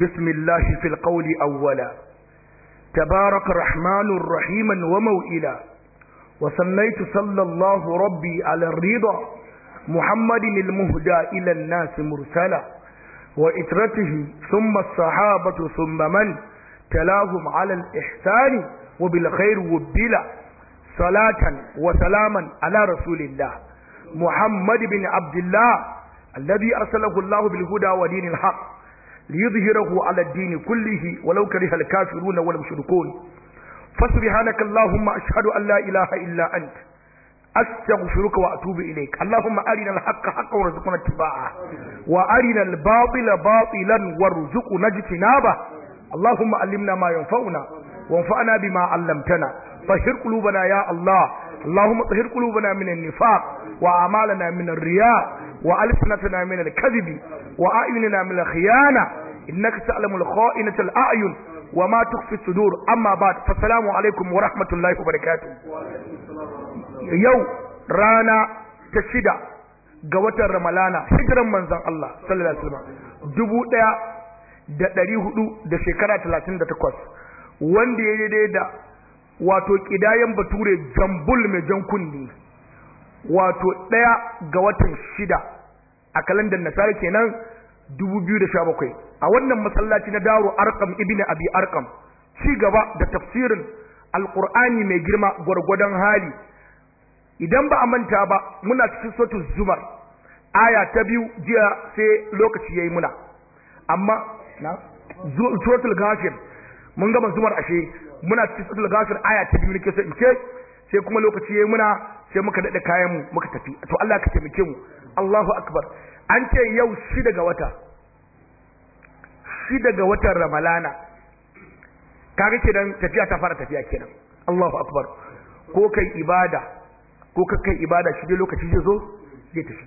بسم الله في القول أولا تبارك رحمن رحيما وموئلا وسميت صلى الله ربي على الرضا محمد المهدى إلى الناس مرسلا وإترته ثم الصحابة ثم من تلاهم على الإحسان وبالخير وبلا صلاة وسلاما على رسول الله محمد بن عبد الله الذي أرسله الله بالهدى ودين الحق ليظهره على الدين كله ولو كره الكافرون والمشركون فسبحانك اللهم أشهد أن لا إله إلا أنت أستغفرك وأتوب إليك اللهم أرنا الحق حقا وارزقنا اتباعه وأرنا الباطل باطلا وارزقنا اجتنابه اللهم علمنا ما ينفعنا وانفعنا بما علمتنا طهر قلوبنا يا الله اللهم طهر قلوبنا من النفاق وأعمالنا من الرياء wa alfinatina min al wa a'yunina min al innaka ta'lamu al-kha'inata ayun wa ma tukhfi sudur amma ba'd assalamu alaikum wa rahmatullahi wa barakatuh yau rana ta shida ga watan ramalana hijiran manzon Allah sallallahu alaihi wasallam dubu daya da ɗari hudu da shekara talatin da takwas wanda ya daidai da wato ƙidayen bature jambul mai jan kunni wato ɗaya ga watan shida a kalandar nasara kenan 2017 a wannan masallaci na daro arkam ibn abi arkam ci gaba da tafsirin alkur'ani mai girma gwargwadon hali idan ba a manta ba muna cikin sotu zumar aya ta biyu jiya sai lokaci ya yi muna amma na zuwatul gafir mun gama zumar ashe muna cikin suratul gafir aya ta biyu nake so in sai kuma lokaci ya yi muna sai muka daɗe kayan mu muka tafi to Allah ka taimake mu Allahu akbar an ce yau shi daga wata shi daga watan Ramalana ga kenan tafiya ta fara tafiya kenan Allahu akbar ko kai ibada ko ka kai ibada shi dai lokaci zai zo zai tafi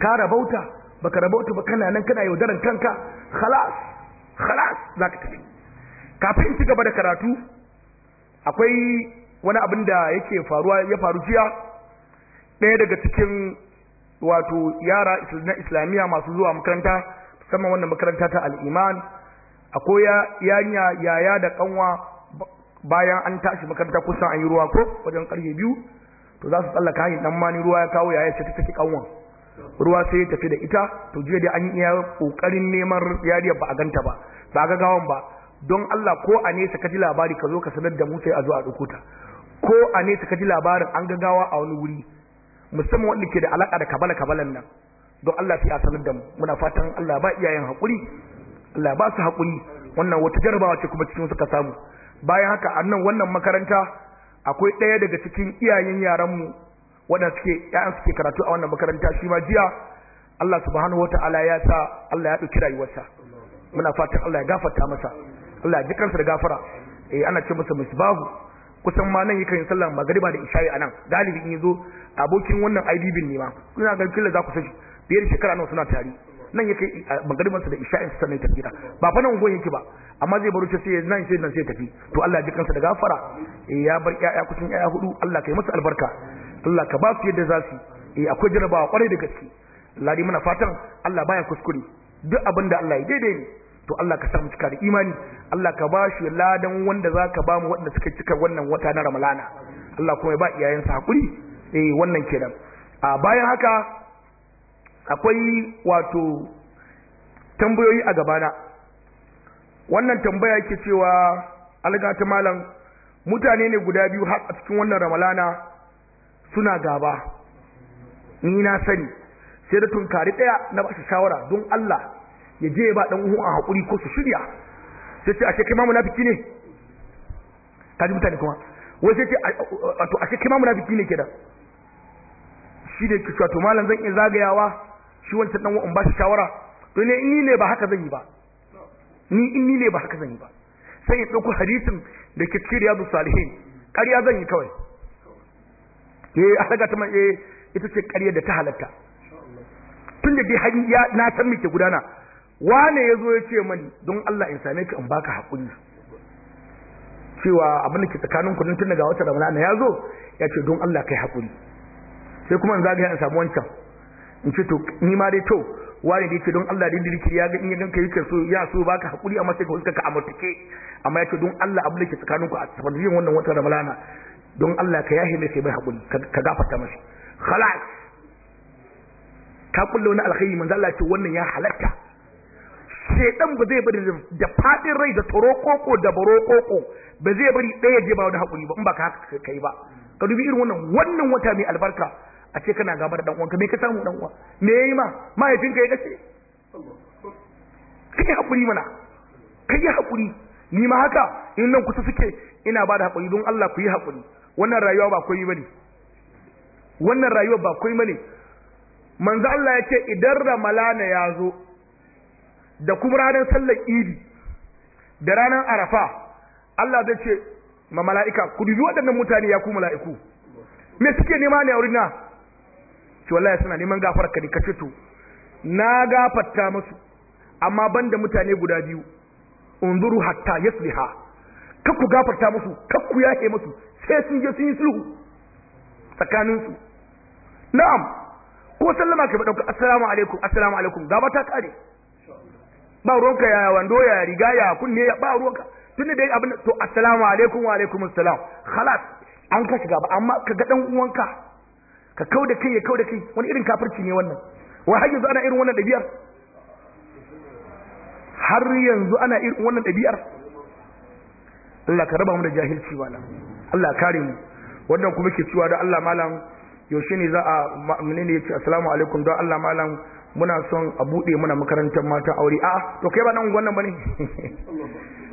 ka rabauta baka rabauta ba kana nan kana yaudaran kanka khalas khalas zaka tafi kafin ci gaba da karatu akwai wani abin da yake faruwa ya faru jiya ɗaya daga cikin wato yara na islamiyya masu zuwa makaranta musamman wannan makaranta ta al'iman akwai yanya yaya da kanwa bayan an tashi makaranta kusan an yi ruwa ko wajen karfe biyu to za su tsallaka hanyar dan mani ruwa ya kawo yaya ce ta take kanwa ruwa sai ya tafi da ita to jiya dai an iya kokarin neman yariya ba a ganta ba ba ga gawan ba don Allah ko a nesa ka ji labari ka zo ka sanar da mu sai a zo a ɗauko ta ko a nesa ka ji labarin an gagawa a wani wuri musamman wanda ke da alaka da kabala kabalan nan don Allah sai a sanar da mu muna fatan Allah ba iyayen hakuri Allah ba su hakuri wannan wata jarabawa ce kuma cikin suka samu bayan haka a wannan makaranta akwai ɗaya daga cikin iyayen yaran mu wanda suke ƴaƴan suke karatu a wannan makaranta shi ma jiya Allah subhanahu wataala ya sa Allah ya ɗauki rayuwarsa muna fatan Allah ya gafarta masa Allah ya ji kansa da gafara eh ana ce masa misbahu kusan ma nan yakan yi sallar magariba da isha'i a nan galibi in yazo abokin wannan IDB ne ma kuna ga killa za ku sashi shekara nawa suna tare nan yake magariban su da isha'in su sanai tafira ba fa nan goyen yake ba amma zai baro sai nan sai nan sai tafi to Allah ya ji kansa da gafara eh, ya bar yaya kucin yaya hudu Allah kai musu albarka Allah ka ba su yadda za su eh akwai jarabawa kwarai da gaske Allah dai muna fatan Allah baya kuskure duk abin da Allah ya daidai ne to Allah ka sa cika da imani Allah ka ba shi ladan wanda za ka ba mu waɗanda suka cika wannan wata na ramalana Allah kuma ya ba iyayensa hakuri eh wannan kenan a bayan haka akwai wato tambayoyi a gabana wannan tambaya yake cewa alga ta malam mutane ne guda biyu har a cikin wannan ramalana suna gaba ni na sani sai da tunkari ɗaya na ba shi shawara don Allah ya je ba dan uwan hakuri ko su shirya sai ce ashe kai ma munafiki ne kaji mutane kuma wai sai ce to ashe kai ma munafiki ne kenan shi da cewa to malam zan iya zagayawa shi wancan dan uwan ba shi shawara to ne in ni ne ba haka zan yi ba ni in ni ne ba haka zan yi ba sai ya dauko hadisin da ke cikin riyadu salihin ƙarya zan yi kawai eh halaga ta eh ita ce ƙarya da ta halatta tun da dai har na san me ke gudana wane ya zo ya ce mani don Allah in same ka in baka haƙuri cewa abin da ke tsakanin kudin tun daga wata ramana ya zo ya ce don Allah kai haƙuri sai kuma in zaga ya samu wancan in ce to ni ma dai to wani da yake don Allah da yake ya ga in ya ganka yake so ya so baka haƙuri amma sai ka huska ka amurtuke amma ya ce don Allah abin da ke tsakanin ku a sanadiyyar wannan wata ramana don Allah ka yahe mai sai bai haƙuri ka gafarta masa khalas ka kulle wani alkhairi manzo Allah ce wannan ya halatta shedan ba zai bari da fadin rai da koko da baro koko ba zai bari ɗaya je ba wani hakuri ba in ba ka haka kai ba ka dubi irin wannan wannan wata mai albarka a ce kana gaba da dan uwanka me ka samu ɗan'uwa uwa me yi ma mahaifinka ya kace kai hakuri mana kai hakuri ni ma haka in nan kusa suke ina ba da hakuri don Allah ku yi hakuri wannan rayuwa ba kwai bane wannan rayuwa ba kwai bane manzo Allah ya ce idan ramalana ya zo da kuma ranar sallar idi da ranar arafa Allah zai ce ma mala'ika ku dubi waɗannan mutane ya ku mala'iku me suke nema ne a wurin na? ce wallahi suna neman gafar ka ne ka to na gafarta musu amma ban da mutane guda biyu unzuru hatta yasliha ka kakku gafarta musu kakku ya yake musu sai sun je sun yi sulhu tsakaninsu na'am ko sallama ka ba assalamu alaikum assalamu alaikum gaba ta kare ba ruwanka ya wando ya riga ya kunne ya ba ruwanka tun da dai abin to assalamu alaikum wa alaikum assalam khalas an ka shiga ba amma ka ga dan uwanka ka kau da kai ya kau da kai wani irin kafirci ne wannan wa har yanzu ana irin wannan dabi'ar har yanzu ana irin wannan dabi'ar Allah ka raba mu da jahilci wala Allah kare mu wannan kuma ke cewa da Allah malam yaushe ne za a menene yace assalamu alaikum don Allah malam muna son a buɗe muna makarantar mata aure a to kai ba nan wannan bane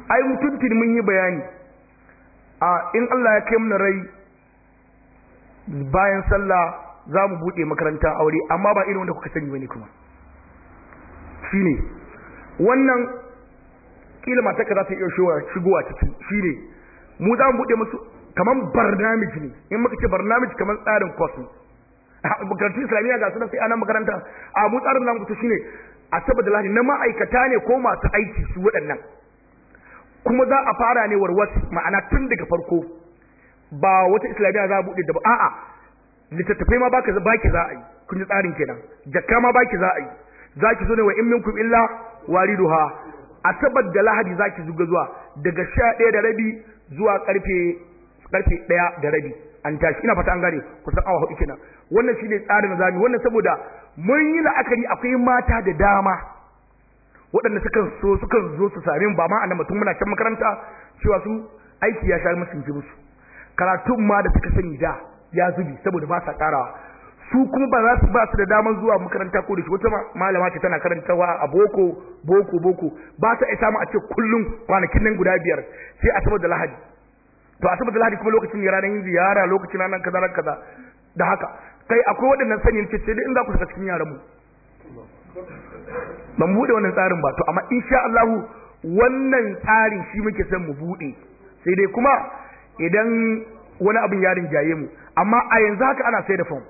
ai mutuntun mun yi bayani a in Allah ya kai mu rai bayan sallah za mu buɗe makaranta aure amma ba irin wanda kuka sani bane kuma shine wannan kila mata ka za ta iya shigowa ciki shine mu za mu buɗe musu kamar barnamij ne in muka ce barnamij kamar tsarin course bukatun islamiyya ga sunan sai anan makaranta a mu tsarin ta shine asabar da lahadi na ma'aikata ne ko masu aiki su waɗannan kuma za a fara ne warwas ma'ana tun daga farko ba wata islamiyya za a buɗe da ba a'a littattafai ma baki za a yi kun ji tsarin kenan jakka ma baki za a yi za ki zo ne wa in minkum illa wariduha asabar da lahadi za ki zuga zuwa daga sha ɗaya da rabi zuwa ƙarfe ɗaya da rabi an tashi ina fata an gane kusan awa hudu kenan wannan shine tsarin zami wannan saboda mun yi la'akari akwai mata da dama waɗanda sukan so sukan zo su sami mu ba ma annan mutum muna can makaranta cewa su aiki ya sha musu ji musu karatun ma da suka sani da ya zubi saboda ba sa karawa su kuma ba za su ba su da daman zuwa makaranta ko da shi wata malama ce tana karantawa a boko boko boko ba ta isa mu a ce kullum kwanakin nan guda biyar sai asabar da lahadi to a tabbata lahadi kuma lokacin ne ranar yin ziyara lokacin ranar kaza ranar kaza da haka kai akwai waɗannan sanin ce sai dai in za ku saka cikin yaran mu ban buɗe wannan tsarin ba to amma insha Allah wannan tsarin shi muke son mu buɗe sai dai kuma idan wani abin ya rinjaye mu amma a yanzu haka ana sai da fam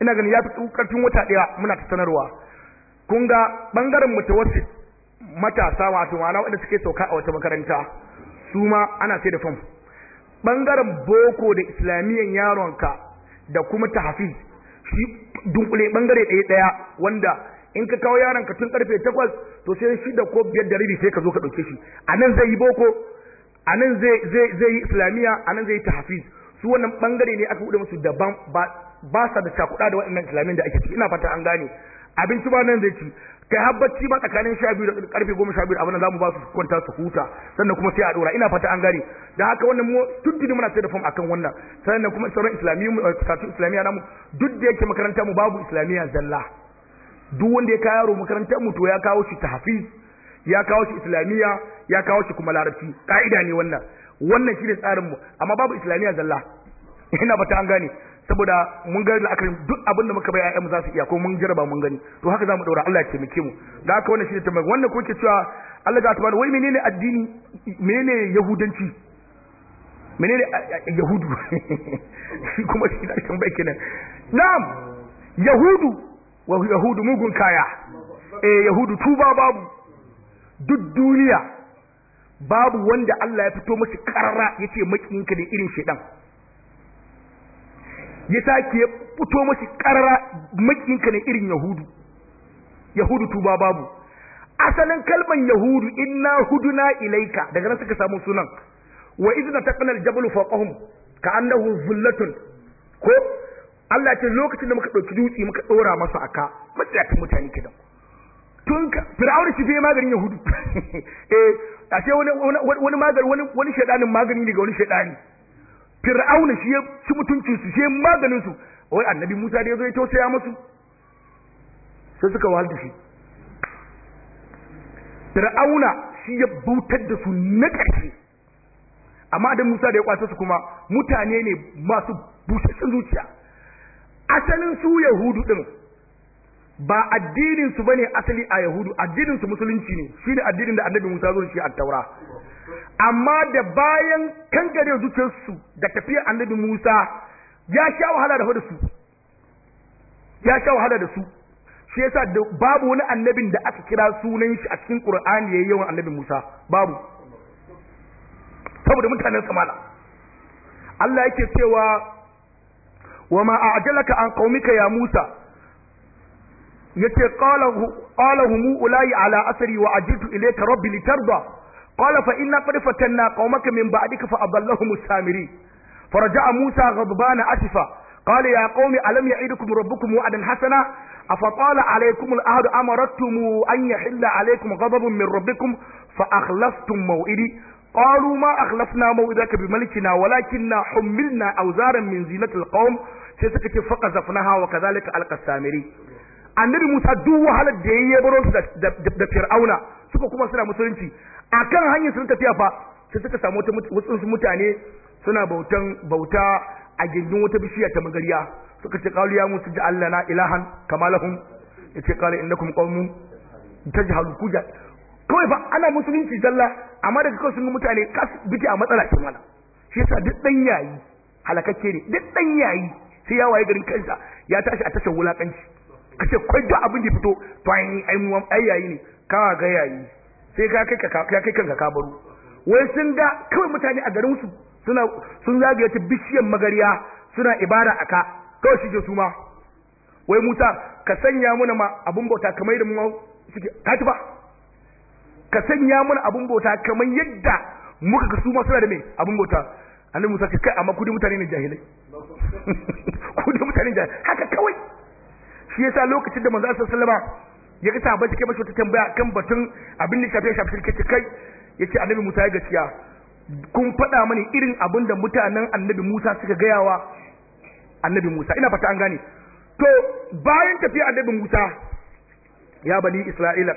ina ganin ya fi karfin wata ɗaya muna ta sanarwa kun ga ɓangaren wasu matasa wato ma'ana waɗanda suke sauka a wata makaranta su ma ana sai da fam bangaren boko da islamiyan yaronka da kuma tahfiz shi dunkule bangare ɗaya ɗaya wanda in ka kawo yaronka tun ƙarfe takwas to sai shida ko biyar da rabi sai ka zo ka ɗauke shi a nan zai yi boko a nan zai yi islamiyya a nan zai yi tahfiz su wannan bangare ne aka buɗe musu daban ba sa da cakuɗa da waɗannan islamiyya da ake ciki ina fata an gane abinci ba nan zai ci kai habbaci ba tsakanin sha biyu da karfe goma sha biyu abin da za mu ba su kwanta su huta sannan kuma sai a dora ina fata an gane da haka wannan mu tuddi muna sai da fam akan wannan sannan kuma sauran mu eh, karatu islamiyya namu duk da yake makaranta mu babu islamiyya zalla duk wanda ya kawo yaro makarantar mu to ya kawo shi tahfiz ya kawo shi islamiyya ya kawo shi kuma larabci ka'ida ne wannan wannan shine tsarin mu amma babu islamiyya zalla ina fata an gane saboda mun ga la'akarin duk abinda muka bai ayyamu za su iya ko mun jaraba mun gani to haka za mu daura Allah ya taimake mu da haka wannan shine tambaya wannan ko ke cewa Allah ga tabbata wai menene addini menene yahudanci menene yahudu shi kuma shi da tambaya kenan na'am yahudu wa yahudu mugun kaya eh yahudu tuba babu duk duniya babu wanda Allah ya fito masa karara yace makiyinka ne irin shedan ya take ya fito mashi karara makinka ne irin yahudu yahudu tuba babu asalin kalman yahudu inna huduna ilaika daga nan suka samu sunan wa idna taqna al-jabal fawqahum ka annahu zullatun ko Allah ce lokacin da muka dauki dutse muka dora masa aka mutsayatun mutane kidan tun ka fir'auna shi bai maganin yahudu eh ashe wani wani wani wani wani shedanin magani ne ga wani shedani fir'auna shi ya ci mutuncin su shi ya maganin su wai annabi Musa da yazo ya tausaya musu sai suka wahal da shi fir'auna shi ya bautar da su na ƙarshe amma da Musa da ya kwace su kuma mutane ne masu bushashen zuciya asalin su Yahudu din ba addinin su bane asali a yahudu addinin su musulunci ne shine addinin da annabi Musa zo shi a taura amma da bayan kangare zuciyar su da tafiyar annabi Musa ya sha wahala da su ya sha wahala da su shi yasa babu wani annabin da aka kira sunan shi a cikin Qur'ani yayin yawan annabi Musa babu saboda mutanen samala Allah yake cewa wa ma a'jalaka an qaumika ya Musa yace qala humu ulayi ala asari wa ajitu ilayka rabbi litarda qala fa inna qadfatanna qaumaka min ba'dika fa adallahum samiri faraja musa ghadban asifa qala ya qaumi alam ya'idukum rabbukum wa'dan hasana afaqala alaykum al'ahdu amarattum an yahilla alaykum ghadabun min rabbikum fa akhlaftum maw'idi قالوا ما أخلفنا موئذك بملكنا ولكننا حملنا أوزارا من زينة القوم سيسكت فقذفناها وكذلك ألقى السامري annabi Musa duk wahalar da yayi baro su da Fir'auna suka kuma suna musulunci akan hanyar sun tafiya fa sai suka samu wasu mutane suna bautan bauta a gindin wata bishiya ta magariya suka ce qalu ya musu Allah na ilahan kama lahum yace qala innakum qaumun tajhalu kuja kawai fa ana musulunci zalla amma daga kawai sun mutane kas biki a matsala ce mana shi yasa duk dan yayi halakakke ne duk dan yayi sai ya waye garin kansa ya tashi a tashar wulakanci ka ce kwai duk abin da fito to an yi ai yayi ne ka ga yayi sai ka kai ka kai kanka ka baro wai sun ga kawai mutane a garin su suna sun zagaye ta bishiyar magariya suna ibada a ka kawai shi ke su ma wai Musa ka sanya mana ma abun bauta kamar da mu suke ka ba ka sanya mana abun bauta kamar yadda muka ga su ma suna da me abun bauta annabi Musa ce kai amma kudi mutane ne jahilai kudi mutane jahilai haka kawai shi yasa lokacin da manzo sallallahu alaihi wasallam ya ga ba take mashi wata tambaya kan batun abin da shafe shafe shirke kai yace annabi Musa ya gaciya kun faɗa mani irin abin da mutanen annabi Musa suka gayawa annabi Musa ina fata an gane to bayan tafiya annabi Musa ya bani isra'ila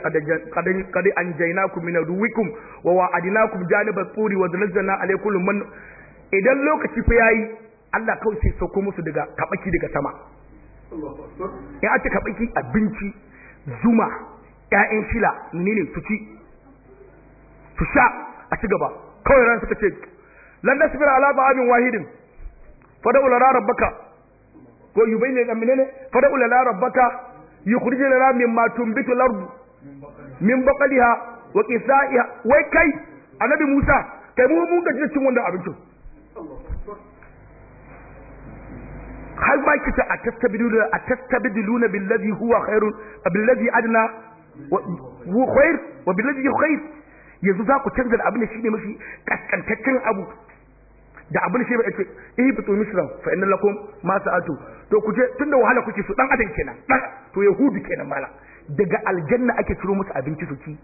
qad anjaynakum min adwikum wa wa'adnakum janibat turi wa nazzalna alaykum man idan lokaci fa yayi Allah kawai sai sauko musu daga kabaki daga sama in aka baki abinci zuma ƴaƴan shila ne su ci su sha a ci gaba kawai ran suka ce lan nasbira ala ba'abin wahidin fada ulala rabbaka ko ne da menene fada ulala rabbaka yukhrij lana min tumbitu al lardu, min baqaliha wa qisaiha wai kai annabi Musa kai mu mun gaji cin wanda abincin har ba ki ta atastabiduna atastabiduna billazi huwa khairun billazi adna wa khair wa billazi khair yanzu za ku canza abin da shine mafi kaskantaccen abu da abin shi ba yace eh fito misra fa inna lakum ma sa'atu to ku je tunda wahala kuke so dan adam kenan dan to yahudi kenan mala daga aljanna ake ciro musu abinci su ci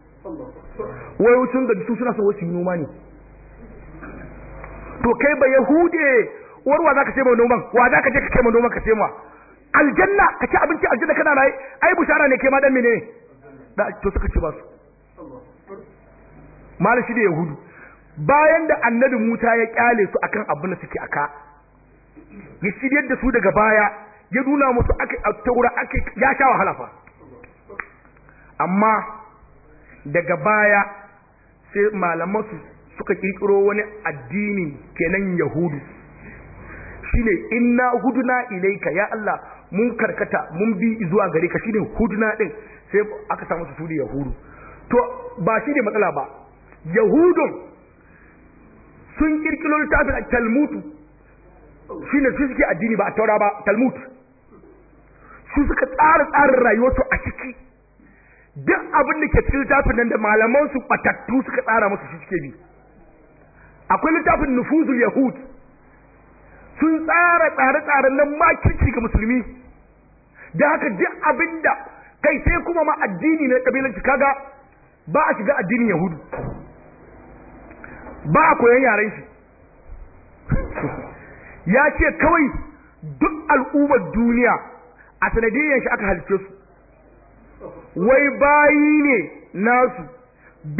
wai sun ga su suna so wasu yuma ne to kai ba yahude warwa za ka ce ma noman wa za ka je ka kai ma noman ka ce ma aljanna ka ci abinci aljanna kana raye ai bushara ne kai ma dan mene da to suka ce ba su malashi da yahudu bayan da annabi muta ya kyale su akan abin da suke aka ya shiryar da su daga baya ya nuna musu aka taura aka ya sha wahala fa amma daga baya sai malaman su suka kirkiro wani addini kenan yahudu shine inna huduna ilaika ya Allah mun karkata mun bi zuwa gare ka shine huduna din sai aka samu su da yahudu to ba shine matsala ba yahudun sun kirkiro littafin talmud shine su suke addini ba a taura ba talmud su suka tsara tsarin rayuwarsu a ciki duk abin da ke cikin littafin nan da malaman su batattu suka tsara musu shi suke bi akwai littafin nufuzul yahud sun tsara tsare-tsaren nan makirci ga musulmi da haka duk abinda kai sai kuma ma addini na kabilanci kaga ba a shiga addinin yahudu ba a koyan yaren shi ya ce kawai duk al'ummar duniya a sanadiyyar shi aka halice su wai bayi ne nasu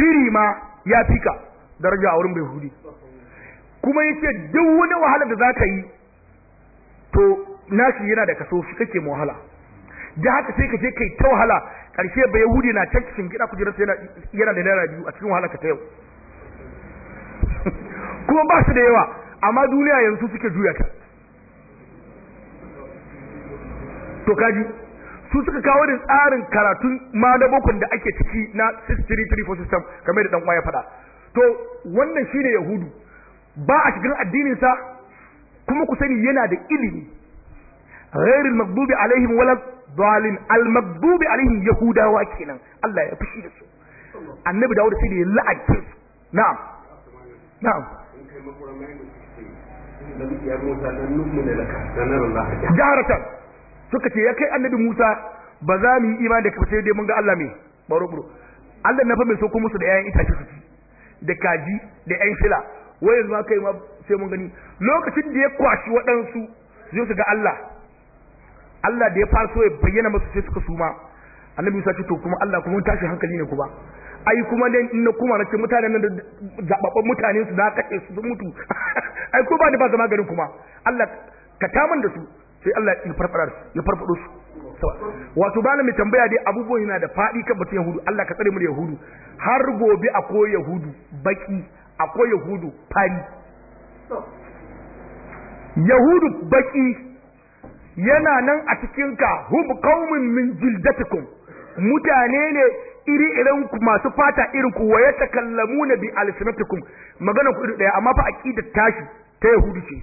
biri ma ya fika daraja a wurin bai hudi kuma yace duk wani wahala da zaka yi to nashi yana da kaso shi kake mu wahala da haka sai ka je kai ta wahala karshe ba yahudi na can cikin gida kujerar yana yana da naira biyu a cikin wahala ka ta yau kuma ba su da yawa amma duniya yanzu suke juya ta to kaji su suka kawo da tsarin karatun malabokun da ake ciki na 6334 system kamar da dan ya faɗa to wannan shine yahudu ba a cikin addininsa kuma ku sani yana da ilimi al maghdubi alaihim wala dhalin al maghdubi alaihim yahudawa kenan Allah ya fushi da su annabi dawud sai da la'akin na'am na'am jaharatan suka ce ya kai annabi Musa ba za mu yi imani da kafa sai dai mun ga Allah mai baro baro Allah na fa mai so musu da 'ya'yan itace su ci da kaji da 'yan fila wai yanzu kai ma sai mun gani lokacin da ya kwashi waɗansu zai su ga Allah Allah da ya fara so ya bayyana masu sai suka suma annabi Musa ce to kuma Allah kuma tashi hankali ne ku ba ai kuma dan inna na kuma na ce mutanen nan da zababban mutanen su da kake su mutu ai ko ba ni ba zama garin kuma Allah ka taman da su sai Allah ya farfara ya farfado su wato ba mai tambaya dai abubuwan yana da faɗi kan batun yahudu Allah ka tsare mu da yahudu har gobe ko yahudu baki akwai yahudu fari yahudu baki yana nan a cikinka hub kaumin min jildatikum mutane ne iri irin ku masu fata irin ku waye ta kallamu na bi alsinatikum magana ku iri daya amma fa da tashi ta yahudu ce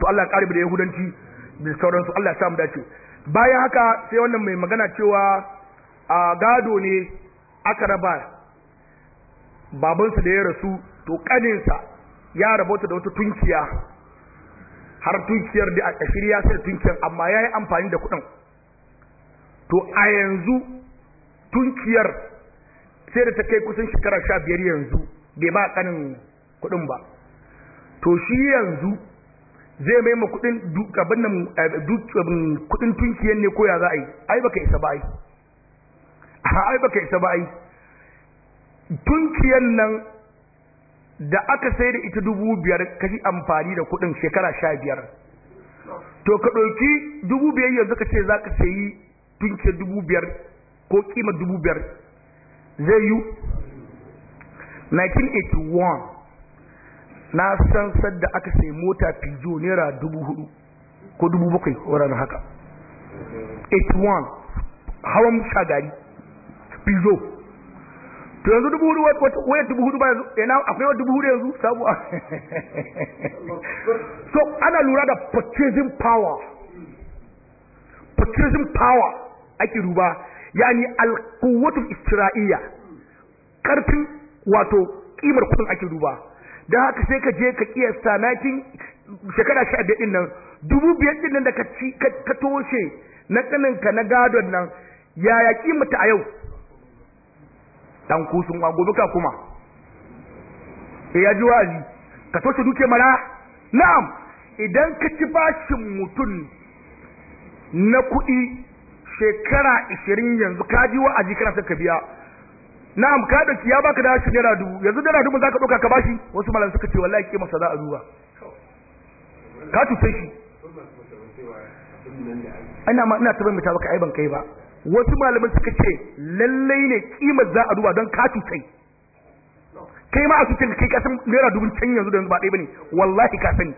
to Allah ya da yahudanci da sauransu Allah ya samu dace bayan haka sai wannan mai magana cewa a gado ne aka raba babansa da ya rasu to kaninsa ya rabota da wata tunkiya har tunkiyar da a shirya sai sai tunkiyar amma ya yi amfani da kuɗin to a yanzu tunkiyar sai da ta kai kusan shekara sha biyar yanzu bai ba kanin kuɗin ba to shi yanzu zai mai ma kuɗin eh, kuɗin tunkiyar ne ko ya za a yi ai ba ai isa ba ai Tunkiyar nan da aka sai da ita dubu biyar kashi amfani da kudin shekara sha biyar to ka ɗauki dubu biyar yanzu ka ce za ka sayi tunkiyar dubu biyar ko kima dubu biyar zai yi 1981 na san sadda aka sayi mota pijo naira dubu hudu ko dubu bakwai wuraren haka 81 hawan shagari pijo to yanzu dubu hudu waya dubu hudu ba yanzu ina akwai wa dubu hudu yanzu sabu so ana lura da purchasing power purchasing power ake duba yani alkuwatu isra'iya karfin wato kimar kudin ake duba don haka sai ka je ka kiyasta 19 shekara 15 din nan dubu biyar din nan da ka toshe na kaninka na gadon nan yaya kimata a yau dan ku wa gobe duka kuma sai ya ji wa'azi ka toshe duke mara na'am idan ka ci bashin mutum na kuɗi shekara ishirin yanzu ka ji wa'azi kana son ka biya na'am ka da ya baka da shi naira dubu yanzu naira dubu zaka ɗauka ka bashi wasu malam suka ce wallahi ke masa za a duba ka tuce shi ana ma ina tabbata baka aiban kai ba wasu malaman suka ce lallai ne kimar za a duba don ka kai kai ma a cutar da kai kasan naira dubin can yanzu da yanzu ba ɗaya bane wallahi ka sani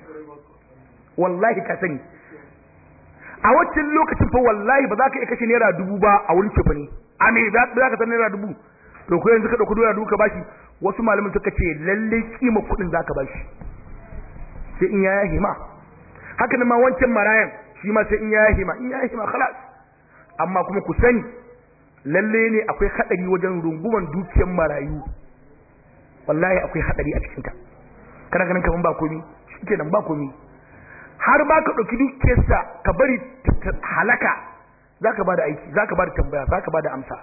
wallahi ka sani a wancan lokacin fa wallahi ba za ka iya kashe naira dubu ba a wurin cefa ne a me za ka san naira dubu to ko yanzu ka ɗauki naira dubu ka bashi wasu malaman suka ce lallai kima kuɗin za ka bashi sai in ya hima ma haka nan ma wancan marayan shi ma sai in ya hima in ya hima ma khalas amma kuma ku sani lalle ne akwai hadari wajen runguman dukiyar marayu wallahi akwai hadari a cikin ta kana ganin kaman ba komi shikenan ba komi har ba ka dauki dukiyarsa ka bari halaka zaka bada aiki zaka bada tambaya zaka bada amsa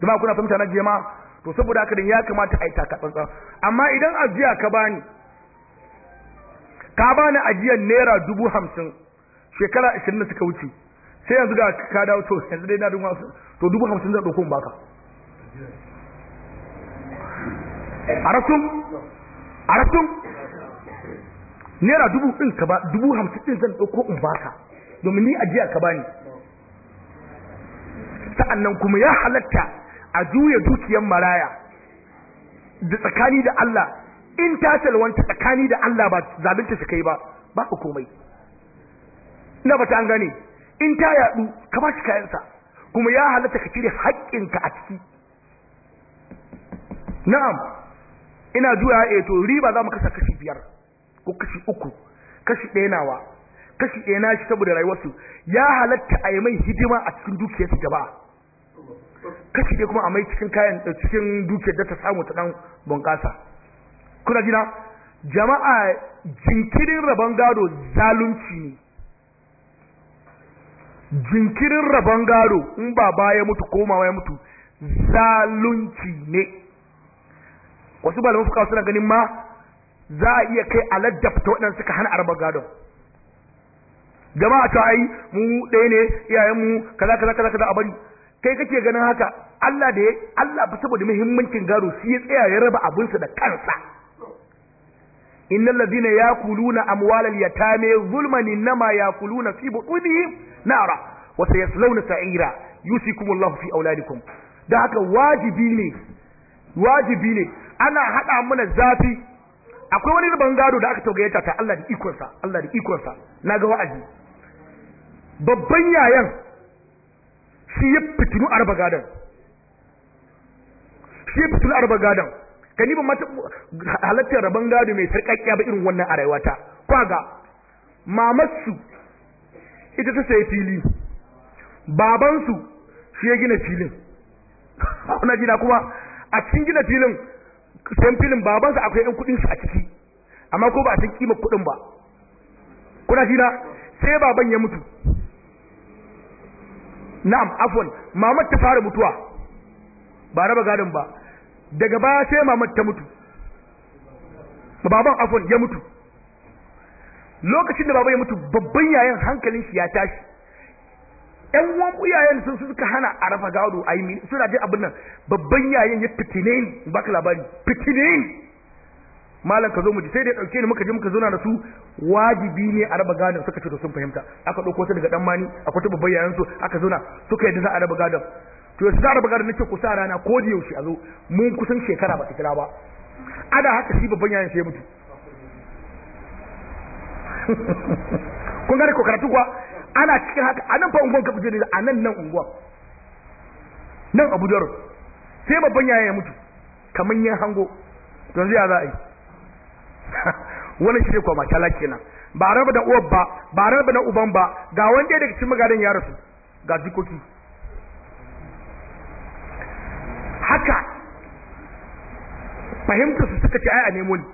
jama'a kuna fahimta na jema to saboda haka din ya kamata a yi taka tsantsan amma idan ajiya ka bani ka bani ajiyar naira dubu hamsin shekara ashirin da suka wuce sai yanzu ga ka dawo to yanzu dai na dubu hamsin to dubu hamsin zan ɗauko baka a rasu naira dubu ɗin ka ba dubu hamsin ɗin zan ɗauko in baka domin ni ajiya ka bani sa'annan kuma ya halatta a juya dukiyar maraya da tsakani da Allah in ta salwanta tsakani da Allah ba zalunta su kai ba ba ku komai ina ba ta an gane in ta yadu ka ba shi kayansa kuma ya halatta ka cire haƙƙinka a ciki na'am ina juya eh to riba za mu kasa kashi biyar ko kashi uku kashi ɗaya nawa kashi ɗaya na shi saboda rayuwarsu ya halatta a yi mai hidima a cikin su gaba kashi ɗaya kuma a mai cikin kayan eh, cikin dukiyar da ta samu ta ɗan bunƙasa kuna jina jama'a jinkirin rabon gado zalunci ne jinkirin rabon gado in baba ya mutu komawa ya mutu zalunci ne wasu malaman fuka suna ganin ma za a iya kai aladdafta waɗanda suka hana araba gadon jama'a ta ai mu ɗaya ne iyayen mu kaza kaza kaza kaza a bari kai kake ganin haka Allah da Allah ba saboda muhimmancin gado shi ya tsaya ya raba abinsa da kansa innal ladhina yakuluna amwalal yatame zulman innama yakuluna fi butunihim nara wa sayaslawna sa'ira yusikumullahu fi auladikum da haka wajibi ne wajibi ne ana hada mana zafi akwai wani riban gado da aka taugayyata ta Allah da ikonsa Allah da ikonsa naga wa'azi babban yayan shi ya fitinu arba gadan shi ya fitinu arba gadan ka ni ban rabon gado mai sarƙaƙiya ba irin wannan a rayuwata kwaga mamarsu ita ta sayi fili babansu shi ya gina filin kuna gina kuma a cikin gina filin sayan filin babansu akwai yan kudin su a ciki amma ko ba a san kima kudin ba kuna jina sai baban ya mutu na'am afwan Mamat ta fara mutuwa ba raba gadon ba daga baya sai Mamat ta mutu baban afwan ya mutu lokacin da baba ya mutu babban yayan hankalin shi ya tashi ɗan uwan ya'yan sun suka hana a rafa gado a yi mini suna jin abin nan babban yayan ya fitine ni ba baka labari fitine ni malam ka zo mu ji sai dai ɗauke ni muka je muka zauna da su wajibi ne a raba gadon suka ce to sun fahimta aka ɗauko ta daga ɗan mani akwai ta babban yayan su aka zauna suka yadda za a raba gadon to yanzu za a raba gadon nake kusa rana ko da yaushe a zo mun kusan shekara ba ta kira ba ana haka shi babban yayan sai mutu kun gane ko karatu kuwa ana cikin haka a nan fa unguwan kafin jirgin a nan nan unguwan nan abu jaro sai babban yaya ya mutu kamar yin hango don ya za a yi wani shi ne kwa mashala kenan ba raba da uwar ba ba raba da uban ba ga wanda daga cikin magadan ya rasu ga jikoki haka fahimtar su suka ce ai a nemo ni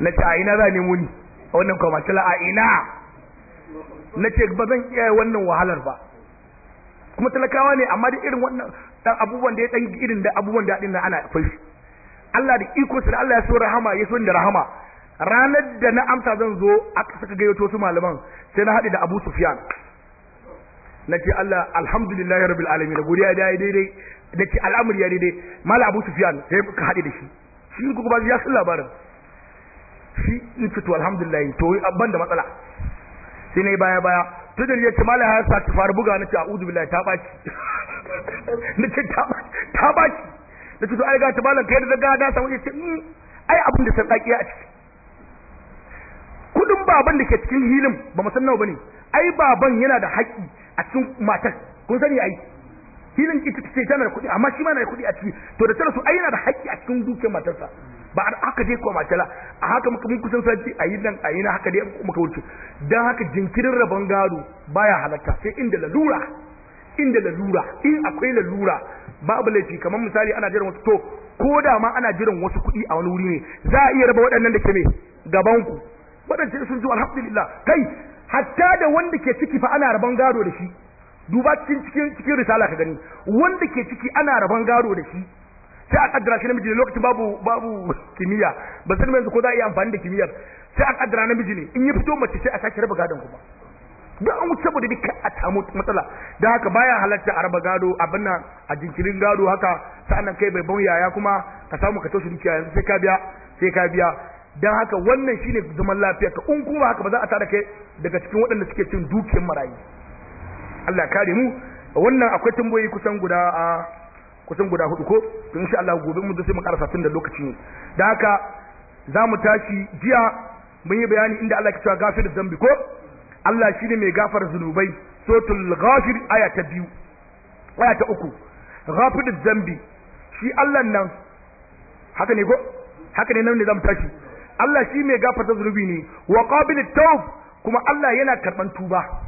na ce a ina za a nemo ni wannan kuma matala a ina na ce ba zan iya wannan wahalar ba kuma talakawa ne amma da irin wannan dan abubuwan da ya dan irin da abubuwan da din nan ana fai Allah da iko sai Allah ya so rahama ya so da rahama ranar da na amsa zan zo aka saka gayyato su malaman sai na haɗu da Abu Sufyan nace Allah alhamdulillah rabbil alamin godiya da dai dai nace al'amuri ya dai mala Abu Sufyan sai ka haɗu da shi shi kuma ba ya san labarin shi in to alhamdulillah to ban da matsala sai ne baya baya to da ya ce mala ya sa fara buga na ce a'udhu billahi ta baki na ce ta baki na ce to ai ga ta malam kai da ga da samu ce mm, ai abin da san dakiya a ciki kudin baban da ke cikin hilim ba mu san nawa bane ai baban yana da haƙƙi a cikin matar kun sani ai filin ita ce tana da kuɗi amma shi ma na da kuɗi a ciki to da tana so ai yana da haƙƙi a cikin dukiyar matarsa ba a haka je kuma matala a haka muka mun kusan sati a yi nan a yi na haka dai muka wuce dan haka jinkirin rabon gado baya halatta sai inda lalura inda lalura in akwai lalura babu laifi kamar misali ana jiran wasu to ko da ma ana jiran wasu kuɗi a wani wuri ne za a iya raba waɗannan da ke me gaban ku waɗancan sun zo alhamdulillah kai hatta da wanda ke ciki fa ana rabon gado da shi duba cikin cikin cikin risala ka gani wanda ke ciki ana rabon gado da shi sai a kaddara shi namiji ne lokacin babu babu kimiyya ba san yanzu ko za a yi amfani da kimiyar sai a kaddara namiji ne in ya fito mace sai a sake raba gadon kuma duk an wuce saboda duka a samu matsala da haka baya halarta a raba gado abin nan a jinkirin gado haka sa'annan kai bai ban yaya kuma ka samu ka toshe dukiya yanzu sai ka biya sai ka biya dan haka wannan shine zaman lafiya ka in kuma haka ba za a tada kai daga cikin waɗanda suke cin dukiyar marayu Allah kare mu wannan akwai tambayoyi kusan guda a kusan guda hudu ko to insha Allah gobe mu zai mu karasa tun da lokaci ne. da haka za mu tashi jiya mun yi bayani inda Allah ke cewa gafir zambi ko Allah shine mai gafar zunubai sotul ghafir aya ta biyu aya ta uku ghafir zambi shi Allah nan haka ne ko haka ne nan ne za mu tashi Allah shi mai gafarta zunubi ne wa qabilut tawb kuma Allah yana karban tuba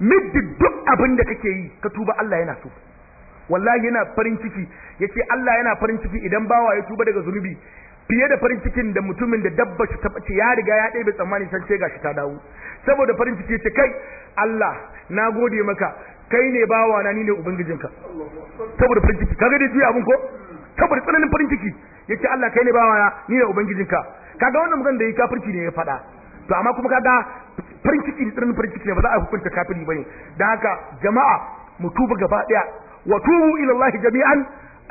middi duk abin da kake yi ka tuba Allah yana so wallahi yana farin ciki yace Allah yana farin ciki idan bawa ya tuba daga zunubi fiye da farin cikin da mutumin da dabba shi ta ce ya riga ya ɗebe tsammani san ce gashi ta dawo saboda farin ciki ce kai Allah na gode maka kai ne bawa na ni ne ubangijinka saboda farin ciki kaga dai juya abun ko saboda tsananin farin ciki yace Allah kai ne bawa na ni ne ubangijinka kaga wannan mugan da yi kafirci ne ya faɗa to amma kuma kaga farin ciki da tsirin farin ciki ne ba za a hukunta kafiri bane dan haka jama'a mu tuba gaba daya wa tubu ila Allah jami'an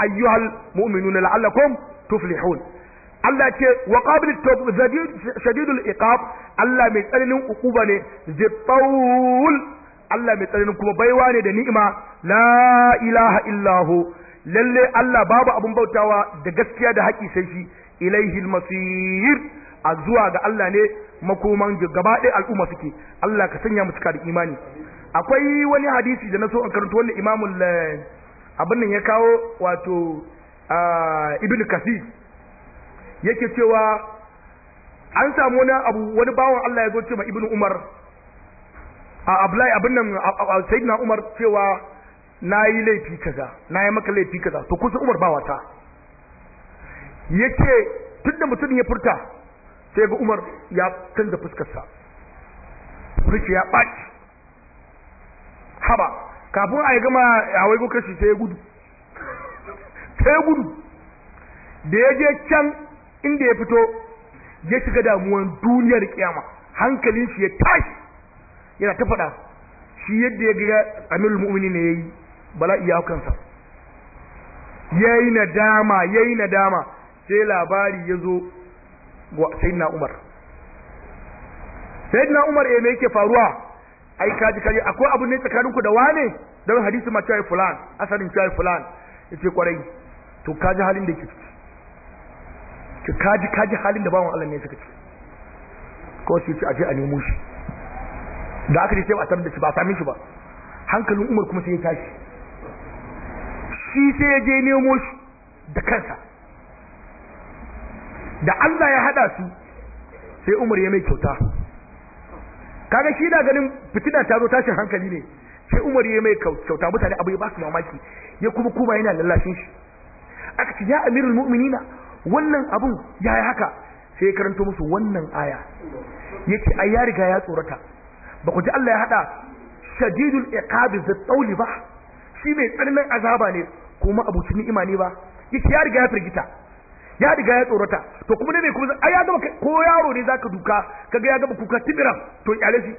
ayyuhal mu'minuna la'allakum tuflihun Allah ce wa qabil tawb shadidul iqab Allah mai tsananin ukuba ne zifaul Allah mai tsananin kuma baiwa ne da ni'ima la ilaha illahu lalle Allah babu abun bautawa da gaskiya da haƙi sai shi ilaihi almasir a zuwa ga Allah ne makoman gaba ɗaya al'umma suke Allah ka sanya mu cika da imani akwai wani hadisi da na so in karanta wanda imamul eh, abin nan ya kawo wato ibn kasir yake cewa an samu wani abu wani bawan Allah ya zo ce ma ibn umar a ablai abin nan sayyidina umar cewa na yi laifi kaza na yi maka laifi kaza to kusa umar ba wata yace tunda mutum ya furta sai ga umar ya canza fuskarsa rike ya ɓaci haba kafin a yi gama a waigo kashi sai ya gudu sai ya gudu da ya je can inda ya fito ya shiga damuwan duniyar kiyama hankalin shi ya tashi yana ta faɗa shi yadda ya ga amirul mu'mini ne yayi bala iya kansa yayi nadama yayi nadama sai labari ya zo sayyidina Umar sayyidina Umar eh me yake faruwa ai kaji kaji akwai abu ne tsakaninku da wane don hadisi ma cewa fulan asarin cewa fulan yace kwarai to kaji halin da yake ciki kaji kaji halin da bawon Allah ne suka ci ko shi ce aje a nemo shi da aka ce ba da shi ba sami shi ba hankalin Umar kuma sai ya tashi shi sai ya je nemo shi da kansa da Allah ya hada su sai Umar ya mai kyauta kaga shi da ganin fitina ta zo tashin hankali ne sai Umar ya mai kyauta mutane abu ya ba su mamaki ya kuma kuma yana lallashin shi aka ce ya amirul mu'minina wannan abun yi haka sai ya karanto musu wannan aya Ya ce ai ya riga ya tsorata ba ku ji Allah ya hada shadidul iqabi da tsauli ba shi mai tsananin azaba ne kuma abu ni'ima ne ba yake ya riga ya firgita ya riga ya tsorata to kuma ne ne kuma ai ya gaba ko yaro ne zaka duka kaga ya gaba kuka tibira to ya lafi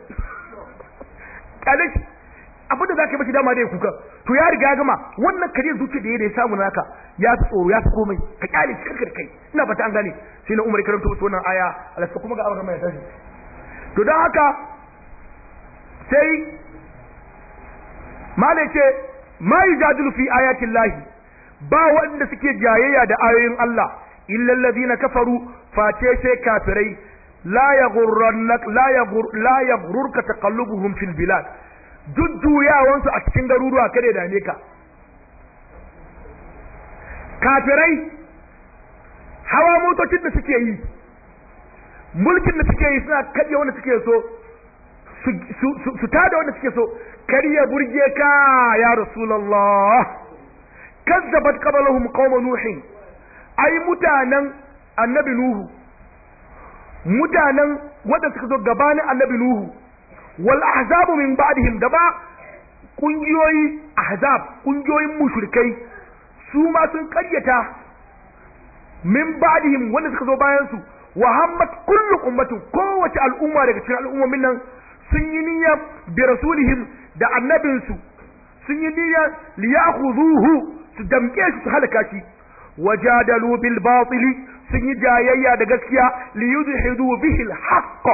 kyale shi abin da zaka yi mashi dama da ya kuka to ya riga ya gama wannan kare zuci da ya samu naka ya tsoro ya komai ka kyale shi karkar kai ina fata an gane sai na umar karanta wasu wannan aya alaska kuma ga abin mai tashi to don haka sai malai ce ma yujadilu fi ayatin lahi ba waɗanda suke jayayya da ayoyin Allah illal ladina kafaru face sai kafirai la yaghurrannak la yaghur la yaghurruka taqallubuhum fil bilad jujjuyawan su a cikin garuruwa kada da dame ka kafirai hawa motocin da suke yi mulkin da suke yi suna kaɗe wanda suke so su tada wanda suke so kariya burge ka ya rasulallah kazzabat qablahum qaum nuhin ai mutanen annabi nuhu mutanen wanda suka zo gabanin annabi nuhu wal ahzabu min ba'dihim da ba kungiyoyi ahzab kungiyoyin mushrikai su ma sun kayyata min ba'dihim wanda suka zo bayan su wa hammat kullu ummatin kowace al'umma daga cikin al'ummomin nan sun yi niyya bi rasulihim da annabinsu sun yi niyya li su damke shi su halaka shi wajadalu bil batili sun yi jayayya da gaskiya li yudhidu bihi al haqq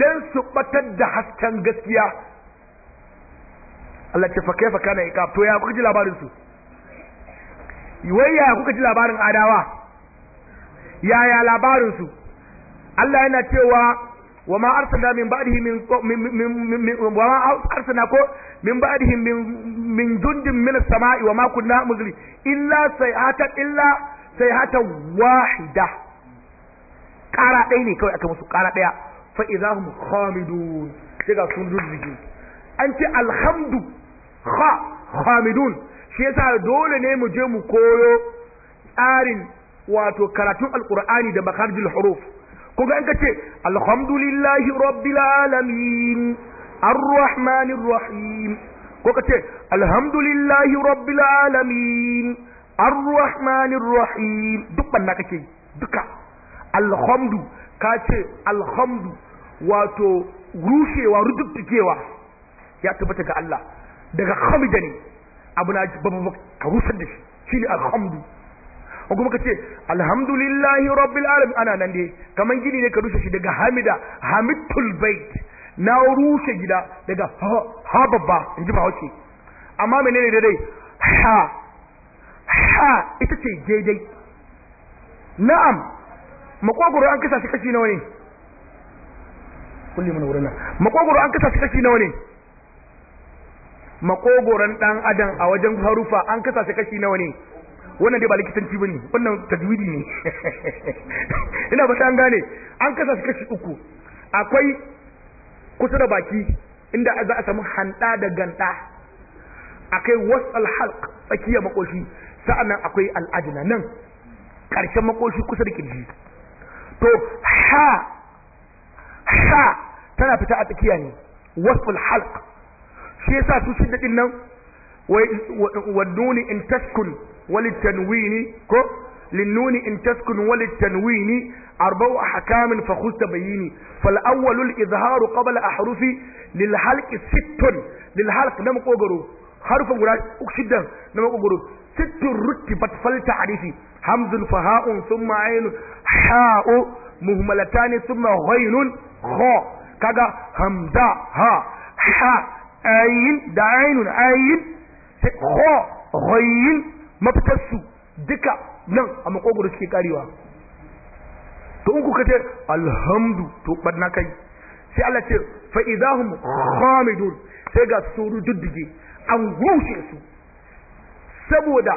dan su batar da hasken gaskiya Allah ce ya ya kuka ji labarin adawa yaya labarin su Allah yana cewa وما أرسلنا من بعدهم من من من وما أرسلنا من بعدهم من min jundin min samai wa ma kunna muzli illa sayhata illa sayhata wahida kara ɗaya ne kawai aka musu kara ɗaya fa idahum khamidun sai ga sun rubuce an ce alhamdu kha khamidun shi yasa dole ne mu je mu koyo tsarin wato karatun alqur'ani da makarjul huruf kuga in kace alhamdulillahi rabbil alamin arrahmanir rahim ko ka ce alhamdulillahi rabbil alamin arrahmanir rahim duk banna kake duka alhamdu ka ce alhamdu wato rushewa rujuttukewa ya tabbata ga Allah daga hamida ne abu na babu ka rusar da shi shine alhamdu ko kuma kace alhamdulillahi rabbil alamin ana nan dai kaman gini ne ka rushe shi daga hamida hamidul bait na rushe gida daga ha babba in ji bahaushe amma ne daidai ha ha ita ce daidai na'am makwagwaro an kasa shi kashi nawa ne kullum na wurin nan makwagwaro an kasa shi kashi nawa ne makogoron dan adam a wajen harufa an kasa shi kashi nawa ne wannan dai ba likitanci bane wannan tajwidi ne ina ba an gane an kasa shi kashi uku akwai kusa da baki inda za a samu hanɗa da ganda akai wasal halq tsakiya makoshi nan akwai al'adina nan ƙarshen makoshi kusa da kirji to ha ha tana fita a tsakiya ne wasal halq shi yasa su shi din nan wa nuni in taskun wal tanwini ko للنون إن تسكن وللتنوين أربع أحكام فخذ تبيني فالأول الإظهار قبل أحرف للحلق ست للحلق نم قبره حرف قرآن أكشد نم قبره ست رتبت فالتعريف همز فهاء ثم عين حاء مهملتان ثم غين خاء كذا همدا ها حاء عين دعين عين عين خاء غين مبتسو دكا nan a makogoro suke karewa to in kuka ce alhamdu to barna kai sai Allah ce fa idahum khamidun sai ga su duddige an rushe su saboda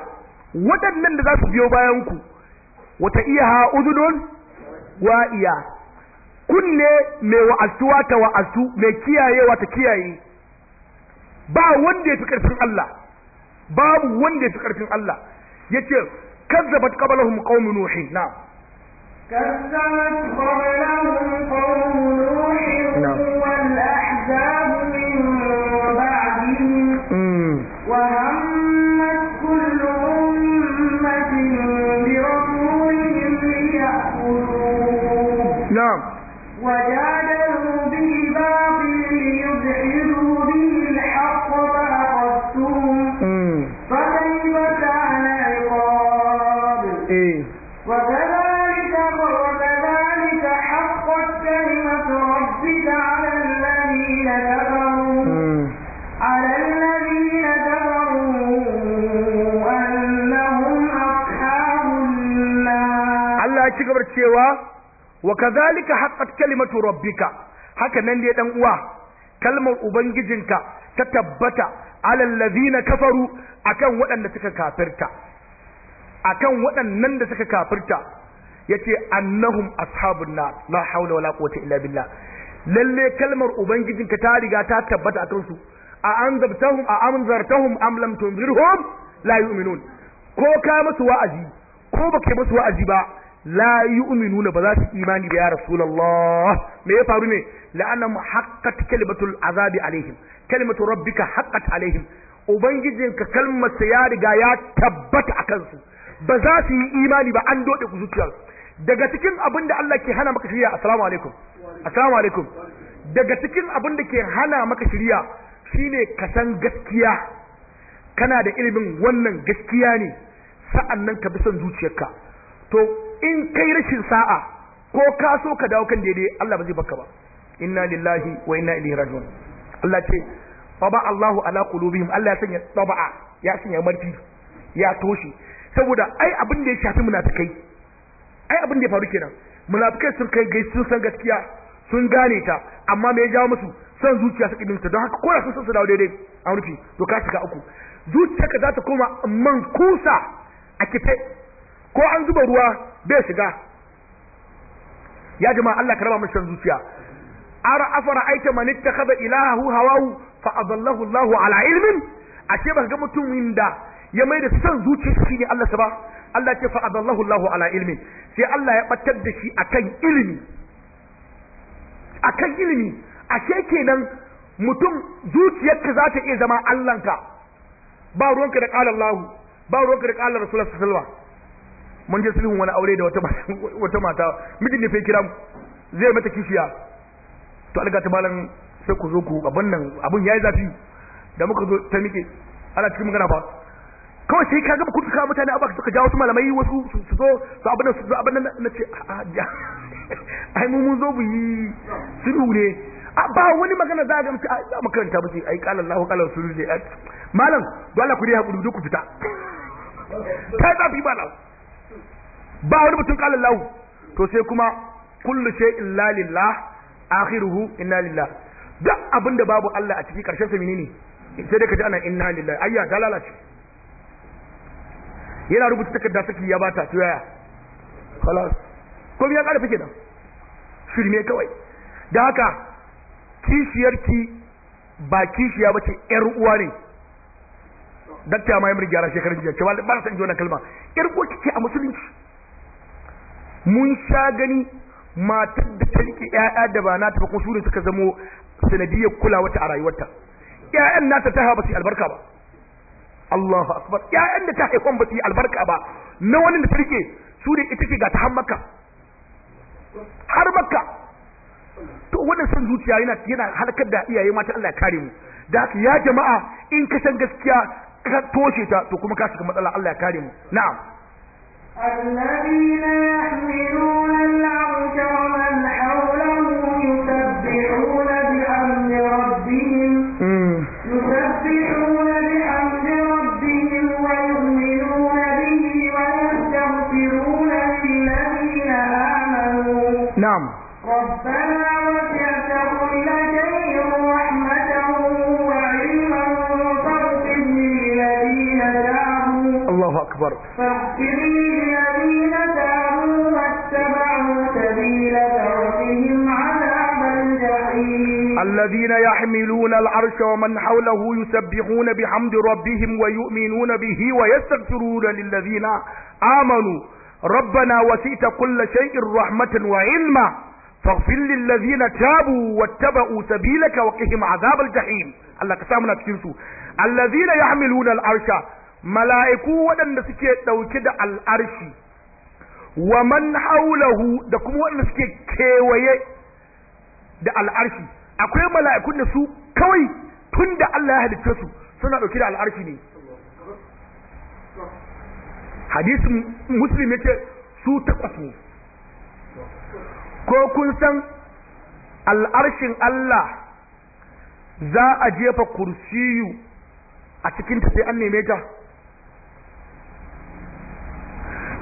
waɗannan da za su biyo bayan ku wata iya ha udunun wa iya kunne mai wa'altuwa ta wa'altu mai kiyayewa ta kiyaye ba wanda ya fi ƙarfin Allah babu wanda ya fi ƙarfin Allah yace كذبت قبلهم قوم نوح نعم كذبت قبلهم قوم نوح cewa wa kazalika haqqat kalimatu rabbika haka nan dai dan uwa kalmar ubangijinka ta tabbata alal ladina kafaru akan waɗanda suka kafirta akan waɗannan da suka kafirta yace annahum ashabun nar la hawla wala quwwata illa billah lalle kalmar ubangijinka ta riga ta tabbata akan su a anzabtahum a amzartahum am lam tunzirhum la yu'minun ko ka musu wa'azi ko baka musu wa'azi ba la yu'minuna ba za su imani ba ya rasulullah me ya faru ne la'annam haqqat kalimatul azabi alaihim kalimatu rabbika haqqat alaihim ubangijinka kalmar sa ya riga ya tabbata akan su ba za su yi imani ba an dode ku zuciyar daga cikin abin da Allah ke hana maka shiriya assalamu alaikum assalamu alaikum daga cikin abin da ke hana maka shiriya shine ka san gaskiya kana da ilimin wannan gaskiya ne sa'annan ka bi son zuciyarka to in kai rashin sa'a ko ka so ka dawo kan daidai Allah ba zai baka ba inna lillahi wa inna ilaihi raji'un Allah ce ba Allahu ala qulubihim Allah ya sanya taba'a ya sanya marfi ya toshe saboda ai abin da ya shafi munafikai ai abin da ya faru kenan munafikai sun kai gaisu sun san gaskiya sun gane ta amma me ya jawo musu san zuciya su kidinta don haka kora sun su dawo daidai an rufe to ka shiga uku zuciyarka za ta koma man kusa a kife ko an zuba ruwa bai shiga ya jama'a Allah karama mu san zuciya ara afara aita man ittakhadha ilahahu hawahu fa adallahu Allahu ala ilmin ashe ba ga mutum da ya mai da san zuciyarsa shine Allah sa ba Allah ce fa adallahu Allahu ala ilmin sai Allah ya batar da shi akan ilimi akan ilimi ashe kenan mutum zuciyarka za ta iya zama Allahnka ba ruwanka da qala Allah ba ruwanka da qala Rasulullah sallallahu alaihi wasallam mun je sulhun wani aure da wata wata mata mijin ne fai kira mu zai mata kishiya to alga ta malam sai ku zo ku abun nan abun yayi zafi da muka zo ta mike ana cikin magana fa kawai sai kaga ku kawo mutane abu suka jawo su malamai wasu su zo su abin su zo abin nan na ce ai mu mun zo bu yi sulhu ne ba wani magana za ga mutu a makaranta ba sai ai qala Allahu qala ne malam dole ku dai hakuri ku fita kai ba bi malam ba wani mutum kala lahu to sai kuma kullu shay'in illa lillah akhiruhu inna lillah duk abinda babu Allah a ciki karshen sa menene sai da ka ana inna lillah ayya ta lalace yana rubuta takarda saki ya bata to yaya khalas ko ya kada fike nan shirme kawai da haka kishiyarki ba kishiya bace yar uwa ne dakta mai yamri gyara shekarun jiya cewa ba san ji wannan kalma yar uwa kike a musulunci mun sha gani matar da ta rike ƴaƴa da ba nata ba kuma su ne suka zamo sanadiyar kulawa ta a rayuwarta ƴaƴan nata ta haɓa su albarka ba Allahu akbar ƴaƴan da ta haifan ba su yi albarka ba na wani da ta rike su ne ita ce ga ta har maka. har makka to wannan son zuciya yana yana halakar da iyaye mata Allah ya kare mu da haka ya jama'a in ka san gaskiya ka toshe ta to kuma ka shiga matsala Allah ya kare mu na'am الذين يحملون العرش ومن الذين يحملون العرش ومن حوله يسبحون بحمد ربهم ويؤمنون به ويستغفرون للذين آمنوا ربنا وسئت كل شيء رحمة وعلما فاغفر للذين تابوا واتبعوا سبيلك وقهم عذاب الجحيم Allah ka samu na cikin su allazina yahmiluna al'arsha mala'iku waɗanda suke ɗauke da al'arshi wa man haulahu da kuma waɗanda suke kewaye da al'arshi akwai mala'ikun da su kawai tun da Allah ya halicce su suna ɗauke da al'arshi ne hadisin muslim ya ce su takwas ne ko kun san al'arshin Allah za a jefa kursiyu a cikinta sai an neme ta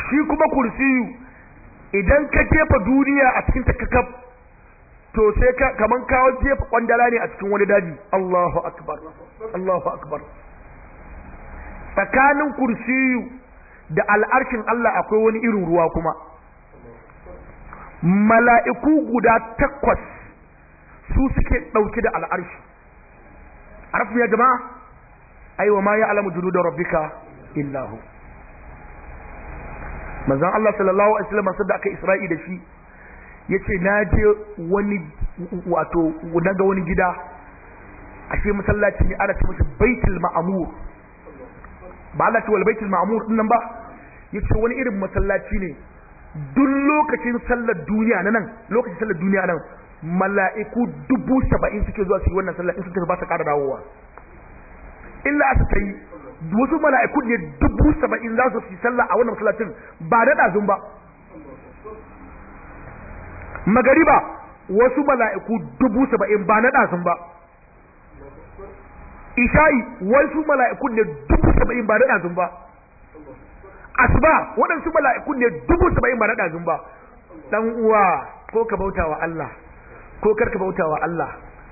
shi kuma kursiyu idan ka jefa duniya a ta kakaf to sai ka kaman kawo jefa kwandala ne a cikin wani daji Allahu akbar Allahu akbar tsakanin kursiyu da al'arshin Allah akwai wani irin ruwa kuma mala'iku guda takwas su suke ɗauki da al'arshi arfu ya jama'a aiwa ma ya alamu judu da rabbika illahu manzan Allah sallallahu Alaihi wasallam da aka isra'i da shi ya ce na je wani wato daga wani gida ashe masallaci ne ana ce masa baitul ma'amur ba Allah ce wal baitul ma'amur din nan ba ya ce wani irin masallaci ne duk lokacin sallar duniya na nan lokacin sallar duniya nan mala'iku dubu saba'in suke zuwa su yi wannan sallar in suka ba su kara dawowa illa su ta yi wasu mala'iku ne dubu saba'in za su yi sallah a wannan masallacin ba da ɗazun ba magariba wasu mala'iku dubu saba'in ba na ɗazun ba isha'i wasu mala'iku ne dubu saba'in ba na ɗazun ba asuba waɗansu mala'iku ne dubu saba'in ba na ɗazun ba ɗan uwa ko ka bauta wa Allah ko kar ka bauta wa Allah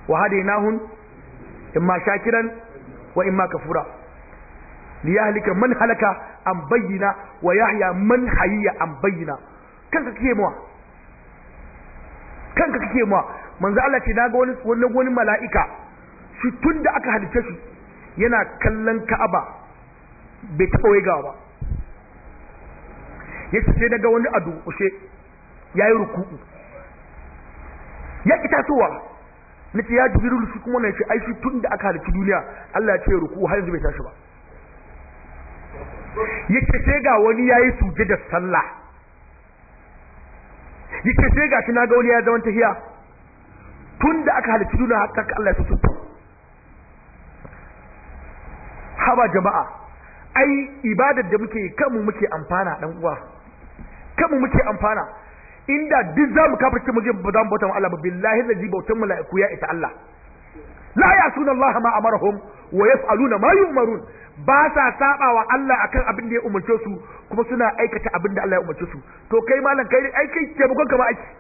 wa in ma shakiran wa in ma kafura li yahlika man halaka an bayyana wa yahya man hayya an bayyana kanka kiyemuwa mawa kanka kake ma manzo Allah ce naga wani wani wani mala'ika shi tunda aka hadice shi yana kallon Ka'aba bai taba waigawa ba yace sai daga wani adu ushe yayi ruku'u ya tuwa nace ya jibril shi kuma shi ai shi tunda aka hadice duniya Allah ya ce ruku'u har yanzu bai tashi ba yace sai ga wani yayi sujudar sallah yace sai ga shi na ga wani ya zama tahiya tun da aka halittu duna haka Allah ya so haba jama'a ai ibadar da muke kanmu muke amfana dan uwa kanmu muke amfana inda duk zamu kafirce mu je ba za mu bauta wa Allah ba billahi zai bautan mala'iku ya ita Allah la ya'suna Allah ma amarhum wa yaf'aluna ma yu'marun ba sa saba wa Allah akan abin da ya umarce su kuma suna aikata abin da Allah ya umarce su to kai malam kai ai kai taimakon ka ba aiki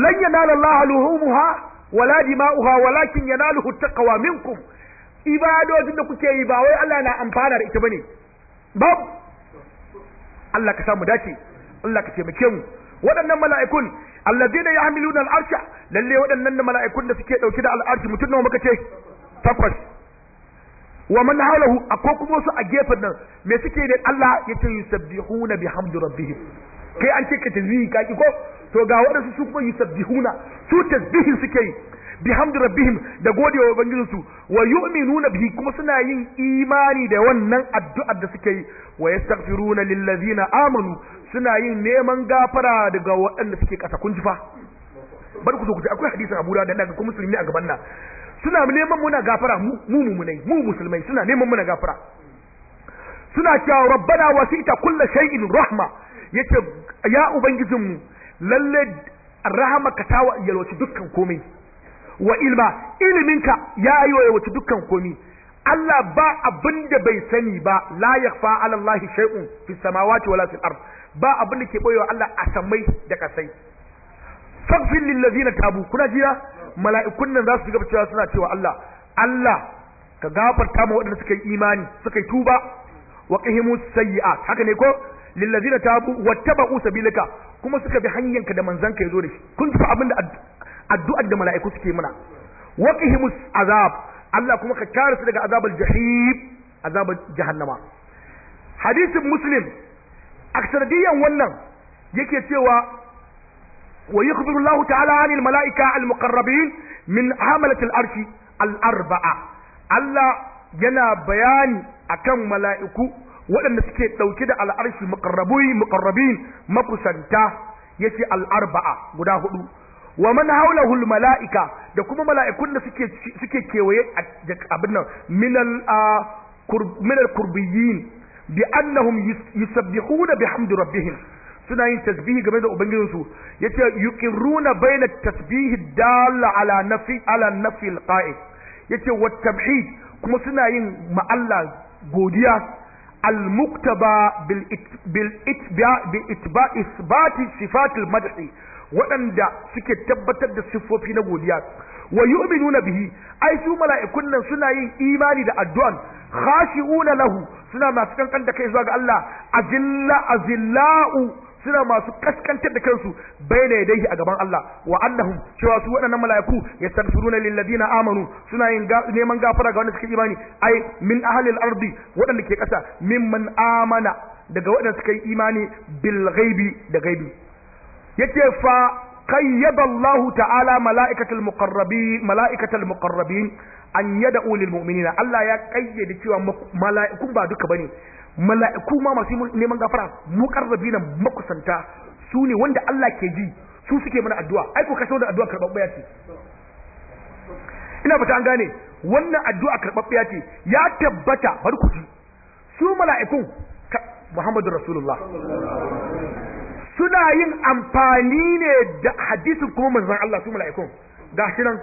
lan yanala Allah luhumha wala dima'uha walakin yanaluhu taqwa minkum ibadodin da kuke yi ba wai Allah na amfana da ita bane Bab, Allah ka samu dace Allah ka taimake mu waɗannan mala'ikun alladina yahmiluna al'arsha lalle waɗannan da mala'ikun da suke dauke da al'arshi mutum nawa muka ce takwas wa man hawlahu akwai kuma su a gefen nan me suke da Allah yace yusabbihuna bihamdi rabbihim kai an ce ka tazbihi kaki ko to ga waɗansu su kuma yusabbihuna su tasbihin suke yi bihamdi rabbihim da godewa ubangijinsu wa yu'minuna bihi kuma suna yin imani da wannan addu'ar da suke yi wa yastaghfiruna lillazina amanu suna yin neman gafara daga waɗanda suke ƙasa kun ji fa bar ku so ku ji akwai hadisin Abu Dawud da kuma musulmi a gaban nan suna neman muna gafara mu mumunai mu musulmai suna neman muna gafara suna cewa rabbana wasita kullu shay'in rahma yace ya ubangijin mu lalle rahamaka ta yalwaci dukkan komai wa ilma iliminka ya yalwaci dukkan komai Allah ba abin da bai sani ba la yakhfa ala Allah shay'un fi samawati wala fil ard ba abin da ke boyewa Allah a sammai da kasai faghfir Lillazi na tabu kuna jira mala'ikun nan za su gaba cewa suna cewa Allah Allah ka gafarta ma waɗanda suka yi imani suka yi tuba wa qihimu sayi'a. haka ne ko Lillazi na tabu wattaba'u sabilaka kuma suka bi hanyanka da manzanka ya da shi kun ji abin da addu'ar da mala'iku suke muna wa qihimu azab Allah kuma ka kare su daga azabul jahim azabul jahannama hadisin muslim aksardiyan wannan yake cewa wa yukhbiru Allah ta'ala anil mala'ika al muqarrabin min hamalati al arshi al arba'a Allah yana bayani akan mala'iku waɗanda suke ɗauke da al'arshi muqarrabui muqarrabin makusanta yace al arba'a guda hudu wa man hawlahu al mala'ika da kuma mala'ikun da suke suke kewaye abin nan min al kurbiyin bi annahum yusabbihuna bihamdi rabbihim suna yin tasbihi game da ubangijin su yace yuqirruna baina tasbihi dalla ala nafi ala nafi alqa'id yace wa tabhid kuma suna yin ma Allah godiya almuktaba bil bil itba bi itba isbati sifatil madhi waɗanda suke tabbatar da siffofi na godiya wa yu'minuna bihi ai su mala'ikun nan suna yin imani da addu'an khashi'una lahu suna masu kankan da kai zuwa ga Allah azilla azillau suna masu kaskantar da kansu baina yadayhi a gaban Allah wa annahum cewa su waɗannan mala'iku yastaghfiruna lil ladina amanu suna yin neman gafara ga wanda suka imani ai min ahlil ardi waɗanda ke ƙasa mimman amana daga waɗanda suka yi imani bil ghaibi da ghaibi yace fa qayyada ta'ala mala'ikatul muqarrabin mala'ikatul muqarrabin an yad'u lil Allah ya kayyade cewa mala'ikun ba duka bane mala'iku ma masu neman gafara muqarrabina makusanta su ne wanda Allah ke ji su suke mana addu'a ai ko kaso da addu'a karɓaɓɓiya ce ina fata an gane wannan addu'a karɓaɓɓiya ce ya tabbata bari ku ji su mala'ikun Muhammadu Rasulullah suna yin amfani ne da hadisin kuma manzon Allah su mala'ikun gashi nan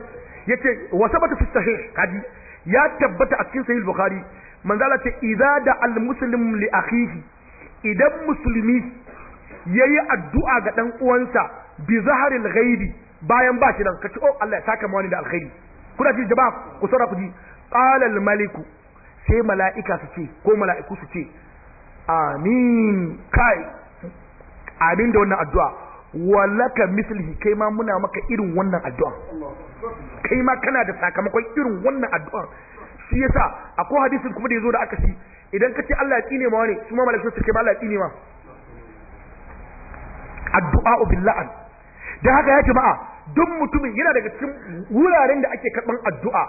yace wa sabata fi sahih hadi ya tabbata a cikin sahih bukhari manzo Allah ce idza da al muslim li akhihi idan musulmi yayi addu'a ga dan uwansa bi zaharil ghaibi bayan ba shi nan kace oh Allah ya saka mani da alkhairi kuna ji jama'a ku saura ku ji qala al maliku sai mala'ika su ce ko mala'iku su ce amin kai amin da wannan addu'a walaka mislihi kai ma muna maka irin wannan addu'a kai ma kana da sakamakon irin wannan addu'a shi yasa akwai hadisin kuma da yazo da aka shi idan kace Allah ya tsine ma wani su ma su kai ma Allah ya tsine ma addu'a billah dan haka ya jama'a duk mutumin yana daga cikin wuraren da ake karban addu'a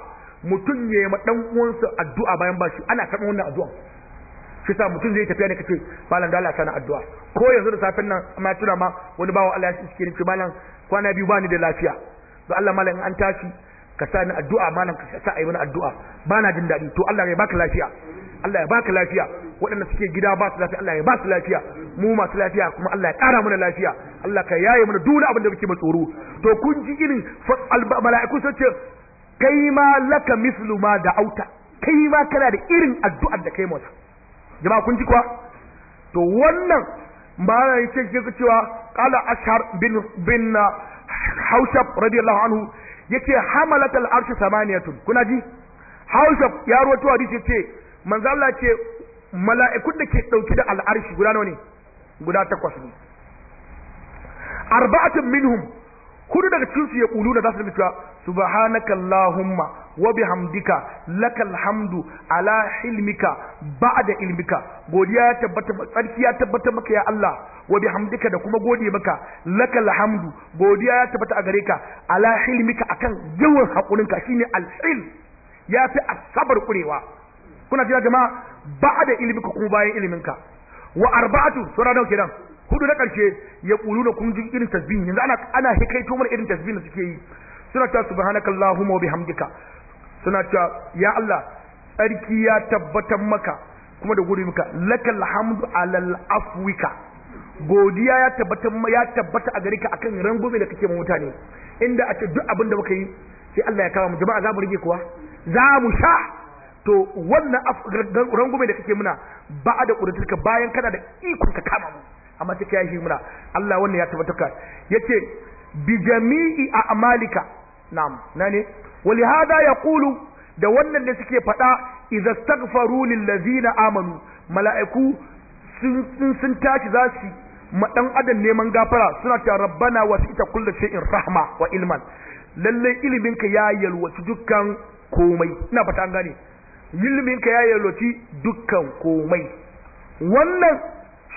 mutum ya yi ma dan uwansa addu'a bayan ba shi ana karban wannan addu'a shi sa mutum zai tafiya ne kace malam da sana addu'a ko yanzu da safin nan amma tuna ma wani bawo Allah ya shi ke malam kwana biyu bani da lafiya to Allah malam in an tashi ka sa ni addu'a malam ka sa ayi wani addu'a bana jin daɗi to Allah ya baka lafiya Allah ya baka lafiya waɗanda suke gida ba su lafiya Allah ya ba su lafiya mu masu lafiya kuma Allah ya ƙara mana lafiya Allah ka yaye mana duk abin da muke mu tsoro to kun ji irin mala'iku sun ce kai ma laka mislu ma da auta kai ma kana da irin addu'ar da kai masa jama'a kun ji kuwa to wannan ba ya ce ke cewa qala ashar bin bin uh, haushab radiyallahu anhu yace hamalat al arsh samaniyatun kuna ji haushab ya rawaito hadisi yace manzo Allah ce mala'ikun da ke dauki da al arsh guda nawa ne guda takwas ne arba'atun minhum kudu daga cikin su ya kulu da zasu cewa subhanaka allahumma wa bihamdika lakal hamdu ala hilmika ba'da ilmika godiya ya tabbata tsarki ya tabbata maka ya Allah wa bihamdika da kuma gode maka lakal hamdu godiya ya tabbata a gare ka ala hilmika akan yawan hakurinka shine alhil ya fi asabar kurewa kuna jira jama'a ba'da ilmika kuma bayan ilminka wa arba'atu sura nawa kenan hudu na ƙarshe ya ƙulu da kun irin tasbihin yanzu ana ana hikaito mana irin tasbihin da suke yi suna ta subhanakallahumma wa bihamdika suna ta ya Allah tsarki ya tabbatar maka kuma da gode maka lakal hamdu alal afwika godiya ya tabbata ya tabbata a gare ka akan rangume da kake ma mutane inda a ce duk abin da muka yi sai Allah ya kawo mu jama'a za mu rige kuwa za mu sha to wannan rangume da kake muna ba da kudatarka bayan kana da ikon ka kama mu amma sai ya shi muna Allah wannan ya tabbata ka yace bi jami'i a a'malika na ne wali hada kulu da wannan da suke faɗa idza stagfaru lillazi na amanu mala'iku sun tashi za su ma dan adam neman gafara suna ta rabbana kulle ce in rahma wa ilman lallai iliminka ya yalwaci dukkan komai ina fata an gane ya yalwaci dukkan komai wannan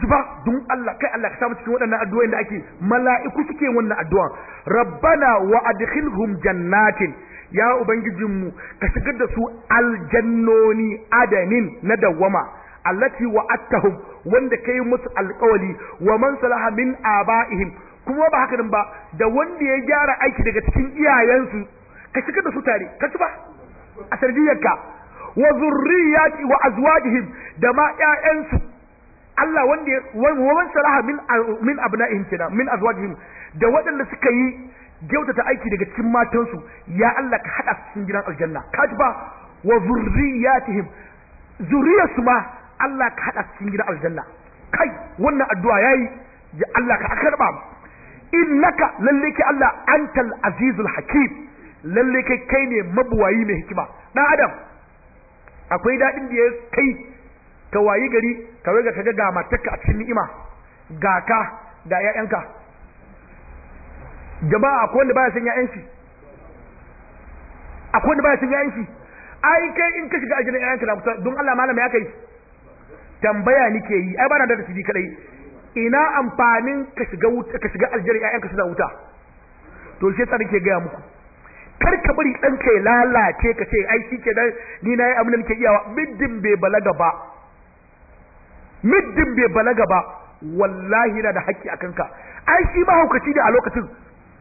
ku ba don Allah kai Allah ka samu cikin waɗannan addu'o'in da ake mala'iku suke wannan addu'a rabbana wa adkhilhum jannatin ya ubangijinmu ka shigar da su aljannoni adanin na dawwama allati wa'attahum wanda kai musu alƙawali wa man salaha min aba'ihim kuma ba haka ba da wanda ya gyara aiki daga cikin iyayensu ka shigar da su tare ka ci ba a sarjiyarka wa zurriyati wa azwajihim da ma ƴaƴansu Allah wanda ya wawan salaha min min abna'ihim kina min azwajihim da waɗanda suka yi kyautata aiki daga cikin matansu ya Allah ka hada cikin gidan aljanna kajba wa zurriyatihim zuriyarsu ma Allah ka hada cikin gidan aljanna kai wannan addu'a yayi ya Allah ka karba innaka lalle ki Allah antal azizul hakim lalle kai kai ne mabuwayi mai hikima dan adam akwai dadin da ya kai ka wayi gari ka ga kaga ga matarka a cikin ni'ima ga ka ga ƴaƴanka jama'a akwai wanda baya son ƴaƴanki akwai wanda baya son ƴaƴanki ai kai in ka shiga ajin ƴaƴanka na kusa don Allah malama ya kai tambaya nike yi ai bana da tafi kadai ina amfanin ka shiga wuta ka shiga aljanna ƴaƴanka suna wuta to shi yasa nake gaya muku kar ka bari ɗanka ya lalace ka ce ai shi ke ni na yi abin da nake iyawa middin bai balaga ba middin bai balaga ba wallahi na da haƙƙi a kanka ai shi mahaukaci ne a lokacin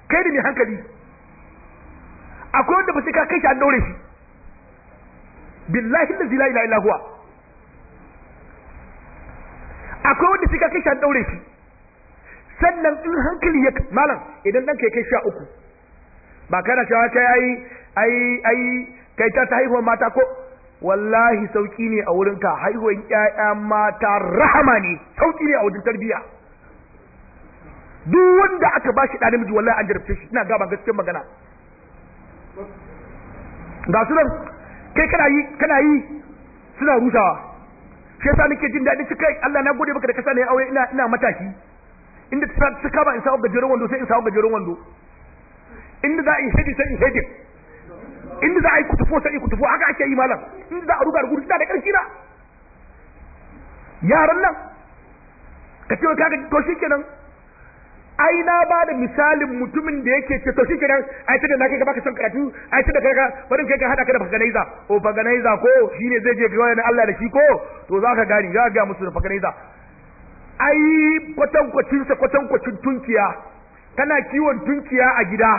kai ne mai hankali akwai wanda ba sai ka kai shi an daure shi billahi da la ilaha illa huwa akwai wanda sai ka kai shi an daure shi sannan in hankali ya malam idan dan kai kai sha uku ba kana cewa kai ai ai ai kai ta ta haihuwa mata ko wallahi sauki ne a wurinka haihuwan ƴaƴa mata rahama ne sauki ne a wajen tarbiyya duk wanda aka ba shi namiji wallahi an jarabce shi ina ba gaskiyar magana ga su nan kai kana yi kana yi suna rusawa shi yasa nake jin daɗi cikai, kai Allah na gode maka da kasa ne aure ina ina matashi inda ta kama in sawo gajeren wando sai in sawo gajeren wando inda za in hedi sai in hedi inda za a yi kutufo sai kutufo haka ake yi malam inda za a ruga da da karshe na yaran nan ka ce kaga to kenan ai na ba da misalin mutumin da yake ce to kenan ai tada na kai ka baka son karatu ai tada kai ka bari kai ka hada ka da faganaiza o faganaiza ko shine zai je ga wani Allah da shi ko to zaka gani za ga musu da faganaiza ai kwatankwacin sa kwatankwacin tunkiya kana kiwon tunkiya a gida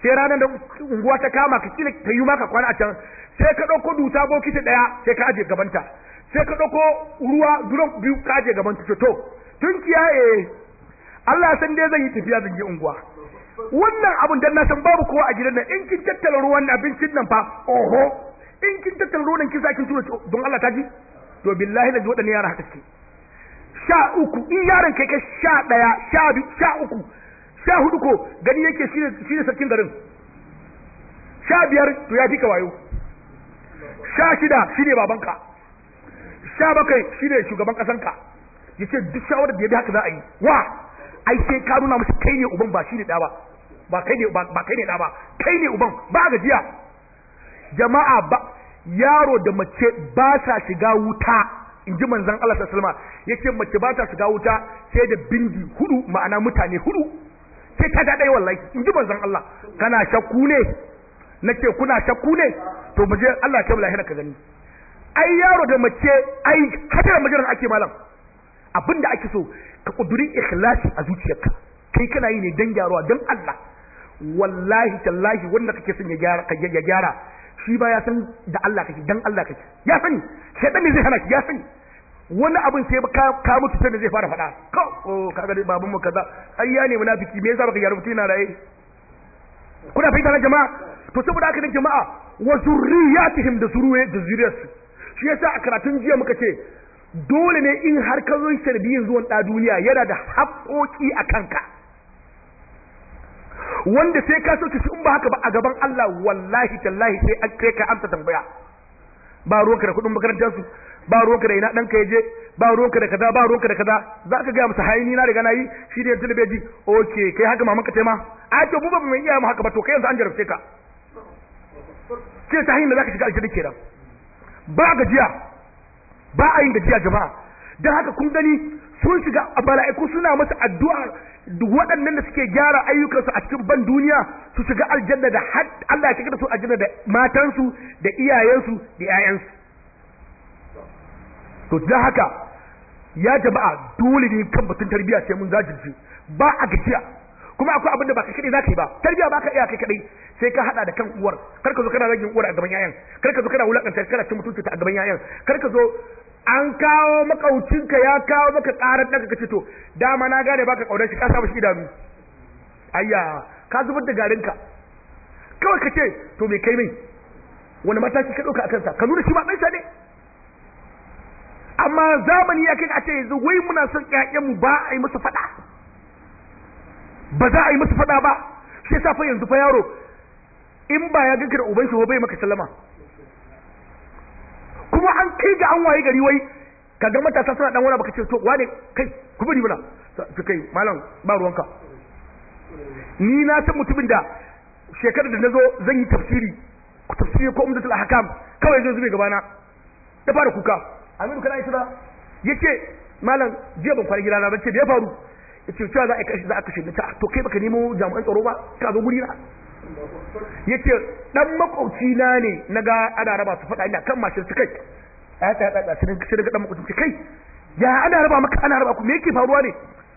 sai ranar da unguwa ta kama ka kila ta yi maka kwana a can sai ka ɗauko dusa bokiti ɗaya sai ka aje gabanta sai ka ɗauko ruwa duron biyu ka aje gabanta to tun kiyaye Allah san dai zan yi tafiya zan yi unguwa wannan abun dan na san babu kowa a gidan nan in kin tattala ruwan abincin nan fa oho in kin tattala ruwan kin sa kin tura don Allah ta ji to billahi da waɗannan yara haka ce sha uku in yaron kai kai sha daya sha biyu sha uku sha hudu ko gani yake shi ne sarkin garin sha biyar to ya fi ka wayo sha shida shi ne babanka sha bakwai shi ne shugaban ƙasanka ya ce duk shawarar da ya bi haka za a yi wa ai sai ka nuna musu kai ne uban ba shi ne ɗa ba ba kai ne ba kai ne uban ba kai ne uban ba gajiya jama'a ba yaro da mace ba sa shiga wuta in ji manzan Allah alaihi ya ce mace ba ta shiga wuta sai da bindi hudu ma'ana mutane hudu sai ka dai wallahi in ji manzon Allah kana shakku ne Na nace kuna shakku ne to mu je Allah ta lahira ka gani ai yaro da mace ai hadar majalar ake malam abinda ake so ka kuduri ikhlasi a zuciyarka kai kana yi ne dan gyaruwa dan Allah wallahi tallahi wanda kake son ya gyara ka ya gyara shi ba ya san da Allah kake dan Allah kake ya sani shedan ne zai hana ki ya sani wani abin sai ka ka mutu sai da zai fara faɗa ka o oh, kaga dai baban mu kaza ai ya ne munafiki me yasa baka gyara mutuna raye kuna fita na jama'a to saboda haka ne jama'a wa zurriyatihim da zurwe da zuriyarsu shi yasa a karatun jiya muka ce dole ne in har ka zo zuwan ɗa duniya yana da haƙoƙi a kanka wanda sai ka soke shi in ba haka ba a gaban Allah wallahi tallahi sai an kai ka amsa tambaya ba ruwanka da kuɗin makarantarsu. ba ruwanka da ina ɗanka ya je ba ruwanka da kaza ba ruwanka da kaza za ka gaya masa hayani na riga na yi shi da yanzu da ji ok kai haka mamanka ka taima a ce mu ba mu iya haka ba to kai yanzu an jarabce ka ce ta hanyar da za ka shiga aljanna kenan ba gajiya ba a yin gajiya jama'a don haka kun gani sun shiga a bala'iku suna masa addu'a waɗannan da suke gyara ayyukansu a cikin ban duniya su shiga aljanna da Allah ya shiga da su aljanna da matansu da iyayensu da 'ya'yansu to da haka ya jama'a dole ne kan batun tarbiyya sai mun zajirce ba a gajiya kuma akwai abin da ba kai kadai zaka yi ba tarbiyya ba ka iya kai kadai sai ka hada da kan uwar kar ka zo kana ragin uwar a gaban yayan kar ka zo kana wulakanta kana cin mutunci ta a gaban yayan kar ka zo an kawo makaucinka ya kawo maka karar daga kace to dama na gane baka kaunar shi ka sa shi idanu ayya ka zubar da garinka kawai ka ce to me kai mai wani mataki ka dauka akan sa ka nuna shi ba dan ne amma zamani ya kai a ce yanzu wai muna son ƴaƴanmu ba a yi musu faɗa ba za a yi musu faɗa ba shi yasa fa yanzu fa yaro in ba ya ganka da uban shi bai maka sallama kuma an kai ga an waye gari wai kaga matasa suna dan wani baka ce to wane kai ku bari mana to kai malam ba ruwanka ni na san mutumin da shekarar da nazo zan yi tafsiri ku tafsiri ko umdatul ahkam kawai zo zube gabana da fara kuka aminu kana ba yace malam jiya ban kwana gidana bace da ya faru yace cewa za a kashi za a kashe ta ah, to kai baka nemo jami'an tsaro ba ka zo guri na yace dan makauci na ne naga ana raba su faɗa ina kan mashin su kai ai ta da sai daga dan makauci kai ya ana raba maka ana raba ku me yake faruwa ne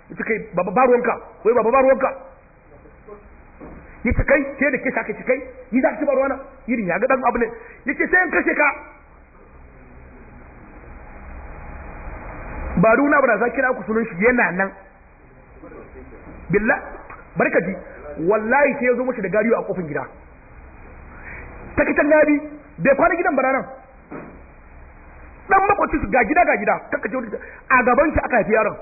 yace kai baba baruwanka wai baba baruwanka yace kai sai da kisa kai kai yi za ka ci baruwana irin ya ga dan abu ne yace sai an kashe ka ba duna ba za kira ku sunan shi yana nan billah barkaji wallahi sai ya zo mashi da gariyo a kofin gida ta kitan gadi bai kwana gidan bara nan dan makwacin su ga gida ga gida kakkace wani a gaban shi aka haifi yaron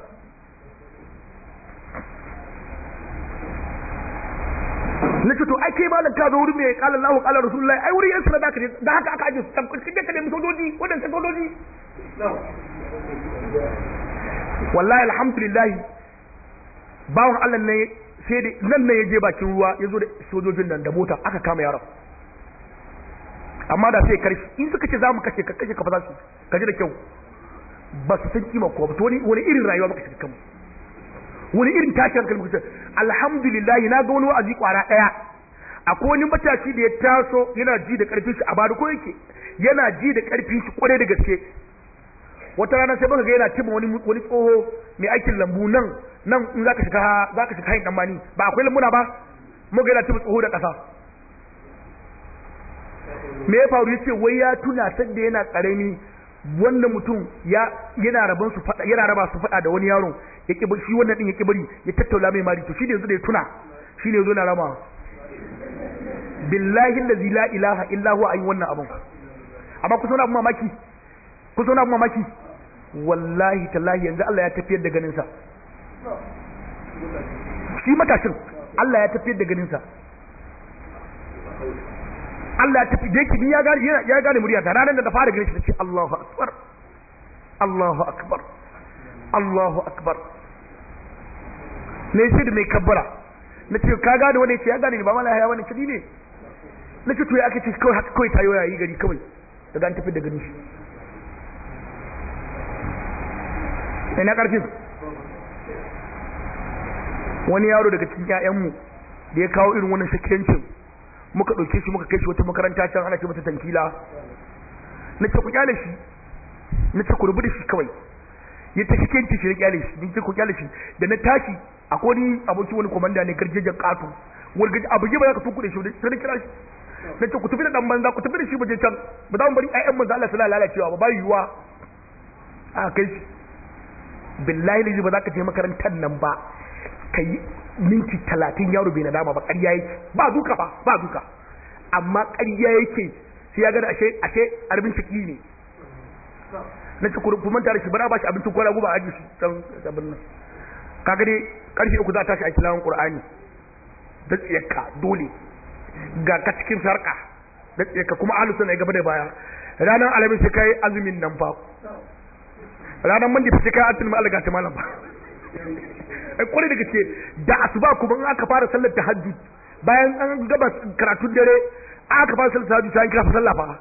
na ce to ai kai malam ka zo wuri mai kala wa kala Rasulullahi ai wuri yan sanar da haka aka aje su tabbata kake da sojoji wadannan sojoji wallahi alhamdulillahi bawan Allah ne sai da nan ne je bakin ruwa ya zo da sojojin nan da mota aka kama yaron amma da sai karfi in suka ce mu kashe ka kashe ka fa za su ji da kyau ba su san kima ko ba to wani wani irin rayuwa muka shiga kanmu wani irin tashin hankali muka alhamdulillahi na ga wani wa'azi kwara daya akwai wani matashi da ya taso yana ji da karfin shi a bada ko yake yana ji da karfin shi kwarai da gaske wata rana sai baka ga yana tibin wani wani tsoho mai aikin lambu nan nan in zaka shiga zaka shiga hayin dambani ba akwai lambuna ba mu ga yana tibin tsoho da kasa me ya faru yace wai ya tuna sadda yana karami wannan mutum ya yana raban su fada yana raba su fada da wani yaro ya ki shi wannan din ya ki bari ya tattaula mai mari to shi ne yanzu da ya tuna shi ne yanzu na rama billahi allazi la ilaha illa huwa ayi wannan abun amma kusa wani abu mamaki ku zo na kuma maki? wallahi tallahi yanzu Allah ya tafiyar da ganinsa shi matashin Allah ya tafiyar da ganinsa Allah ya tafi da yake ya gane ya gane murya da ranar da ta fara gani shi Allahu akbar Allahu akbar Allahu akbar ne shi da mai kabbara Na ce ka gane wani ce ya gane ni ba mala ya wani kidi ne Na ce to ya ake ce kawai haka kawai tayo yayi gari kawai daga an tafi da ganin shi ina karfin wani yaro daga cikin ƴaƴanmu da ya kawo irin wannan shakiyancin muka ɗauke shi muka kai shi wata makaranta can ana ce mata tankila na ce ku ƙyale shi na ce ku rubu da shi kawai ya ta shakiyanci shi na ƙyale shi na ce ku ƙyale shi da na tashi a kodi abokin wani komanda ne garjejen ƙato wani gaji abu ba za ka da shi sai na kira shi na ce ku tafi da ɗan banza ku tafi da shi ba je can ba za mu bari ƴaƴan manzo Allah suna lalacewa ba ba yiwuwa a kai shi billahi lazi ba za ka je makarantar nan ba ka yi minti talatin yaro bai nadama ba ƙarya yake ba duka ba ba duka amma ƙarya yake sai ya gada ashe ashe arbin ciki ne na ci kurin kuma tare shi bara ba shi abincin kwana guba aji shi can sabon nan kaga dai ƙarshe uku za a tashi a tilawan qur'ani da tsiyarka dole ga ka cikin sarƙa da tsiyarka kuma ahlus sunna gaba da baya ranar alamin sai kai azumin nan fa ranar mandi fice kai atin ma'al ga ta malam ba a kwari da gaske da ba kuma in aka fara sallar tahajjud bayan an gaba karatun dare aka fara sallar tahajjud sai an kira sallah fa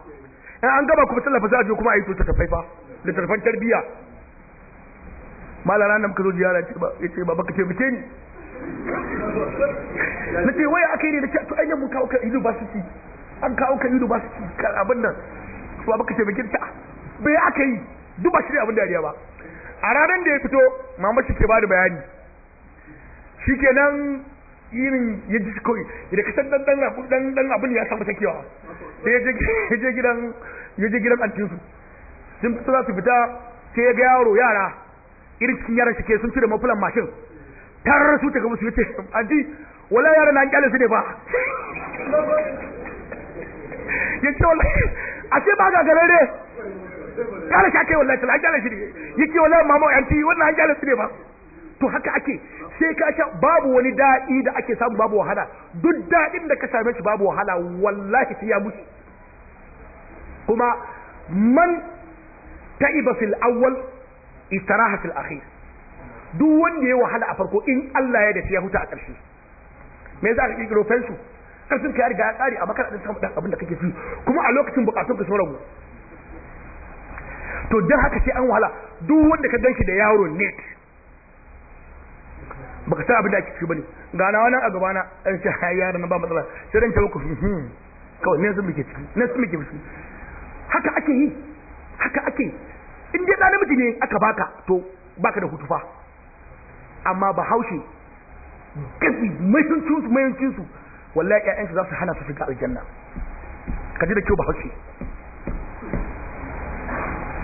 in an gaba kuma sallafa fa sai a je kuma a yi ta tafai fa da tarfan tarbiyya malara nan ka zo ziyara ce ba yace baka taimake ni na ce waya aka yi ne da ce to ainihin mun kawo kan university an kawo ka university abin nan to ba baka ni ta bai aka yi duk ba shi ne abin dariya ba a ranar da ya fito mama shi ke ba da bayani shi ke nan irin ya ji kawai idan kasan dan dan dan dan abin ya samu sakewa sai ya je gidan ya je gidan antinsu sun fito za su fita sai ya ga yaro yara irin cikin yaran shi ke sun cire mafulan mashin tarar su ta gaba su yace anti wala yaran na kyale su ne ba ce wala a ce ba ga ne. kyale shi ake wallahi an kyale shi ne yake wallahi mama wannan an kyale su ne ba to haka ake sai ka sha babu wani daɗi da ake samu babu wahala duk daɗin da ka same shi babu wahala wallahi sai ya mutu kuma man ta'iba fil awwal istaraha fil akhir duk wanda ya wahala a farko in Allah ya dace ya huta a ƙarshe me za ka kirkiro fensu karfin ka ya riga ya tsari a makarantar samun abin da kake ci kuma a lokacin bukatun ka sun ragu to don haka sai an wahala duk wanda ka ganshi da yaro ne baka san abin da ake ciki bane ga na wani a gabana an ce ha yaro na ba matsala sai dan ce muku hmm kawai ne sun muke ciki ne sun muke ciki haka ake yi haka ake in dai ɗan namiji ne aka baka to baka da hutufa amma ba haushe kafi sun cinsu. wallahi ƴaƴansu za su hana su shiga aljanna ka ji da kyau ba haushe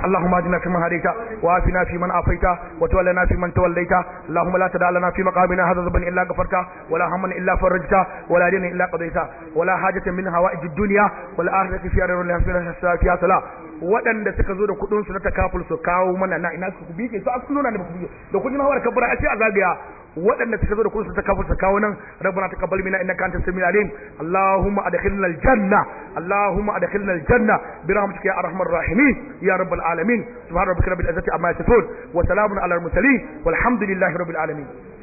اللهم اهدنا فيمن هديت وعافنا فيمن عافيت وتولنا فيمن توليت اللهم لا تدع لنا في مقامنا هذا ذنبا الا غفرته ولا هما الا فرجته ولا دينا الا قضيته ولا حاجة من حوائج الدنيا والآخرة في أرض الله فيها صلاة waɗanda suka zo da kuɗin su na takaful su kawo mana na ina su bike su a nuna da ku bike da kuɗin hawar kabura a ce a zagaya waɗanda suka zo da kuɗin su ta kafa su kawo nan rabbana taqabbal minna innaka antas samiul alim allahumma adkhilna al janna allahumma adkhilna aljanna, janna bi rahmatika ya arhamar rahimin ya rabbal alamin subhana rabbika rabbil izzati amma yasifun wa salamun alal mursalin walhamdulillahi rabbil alamin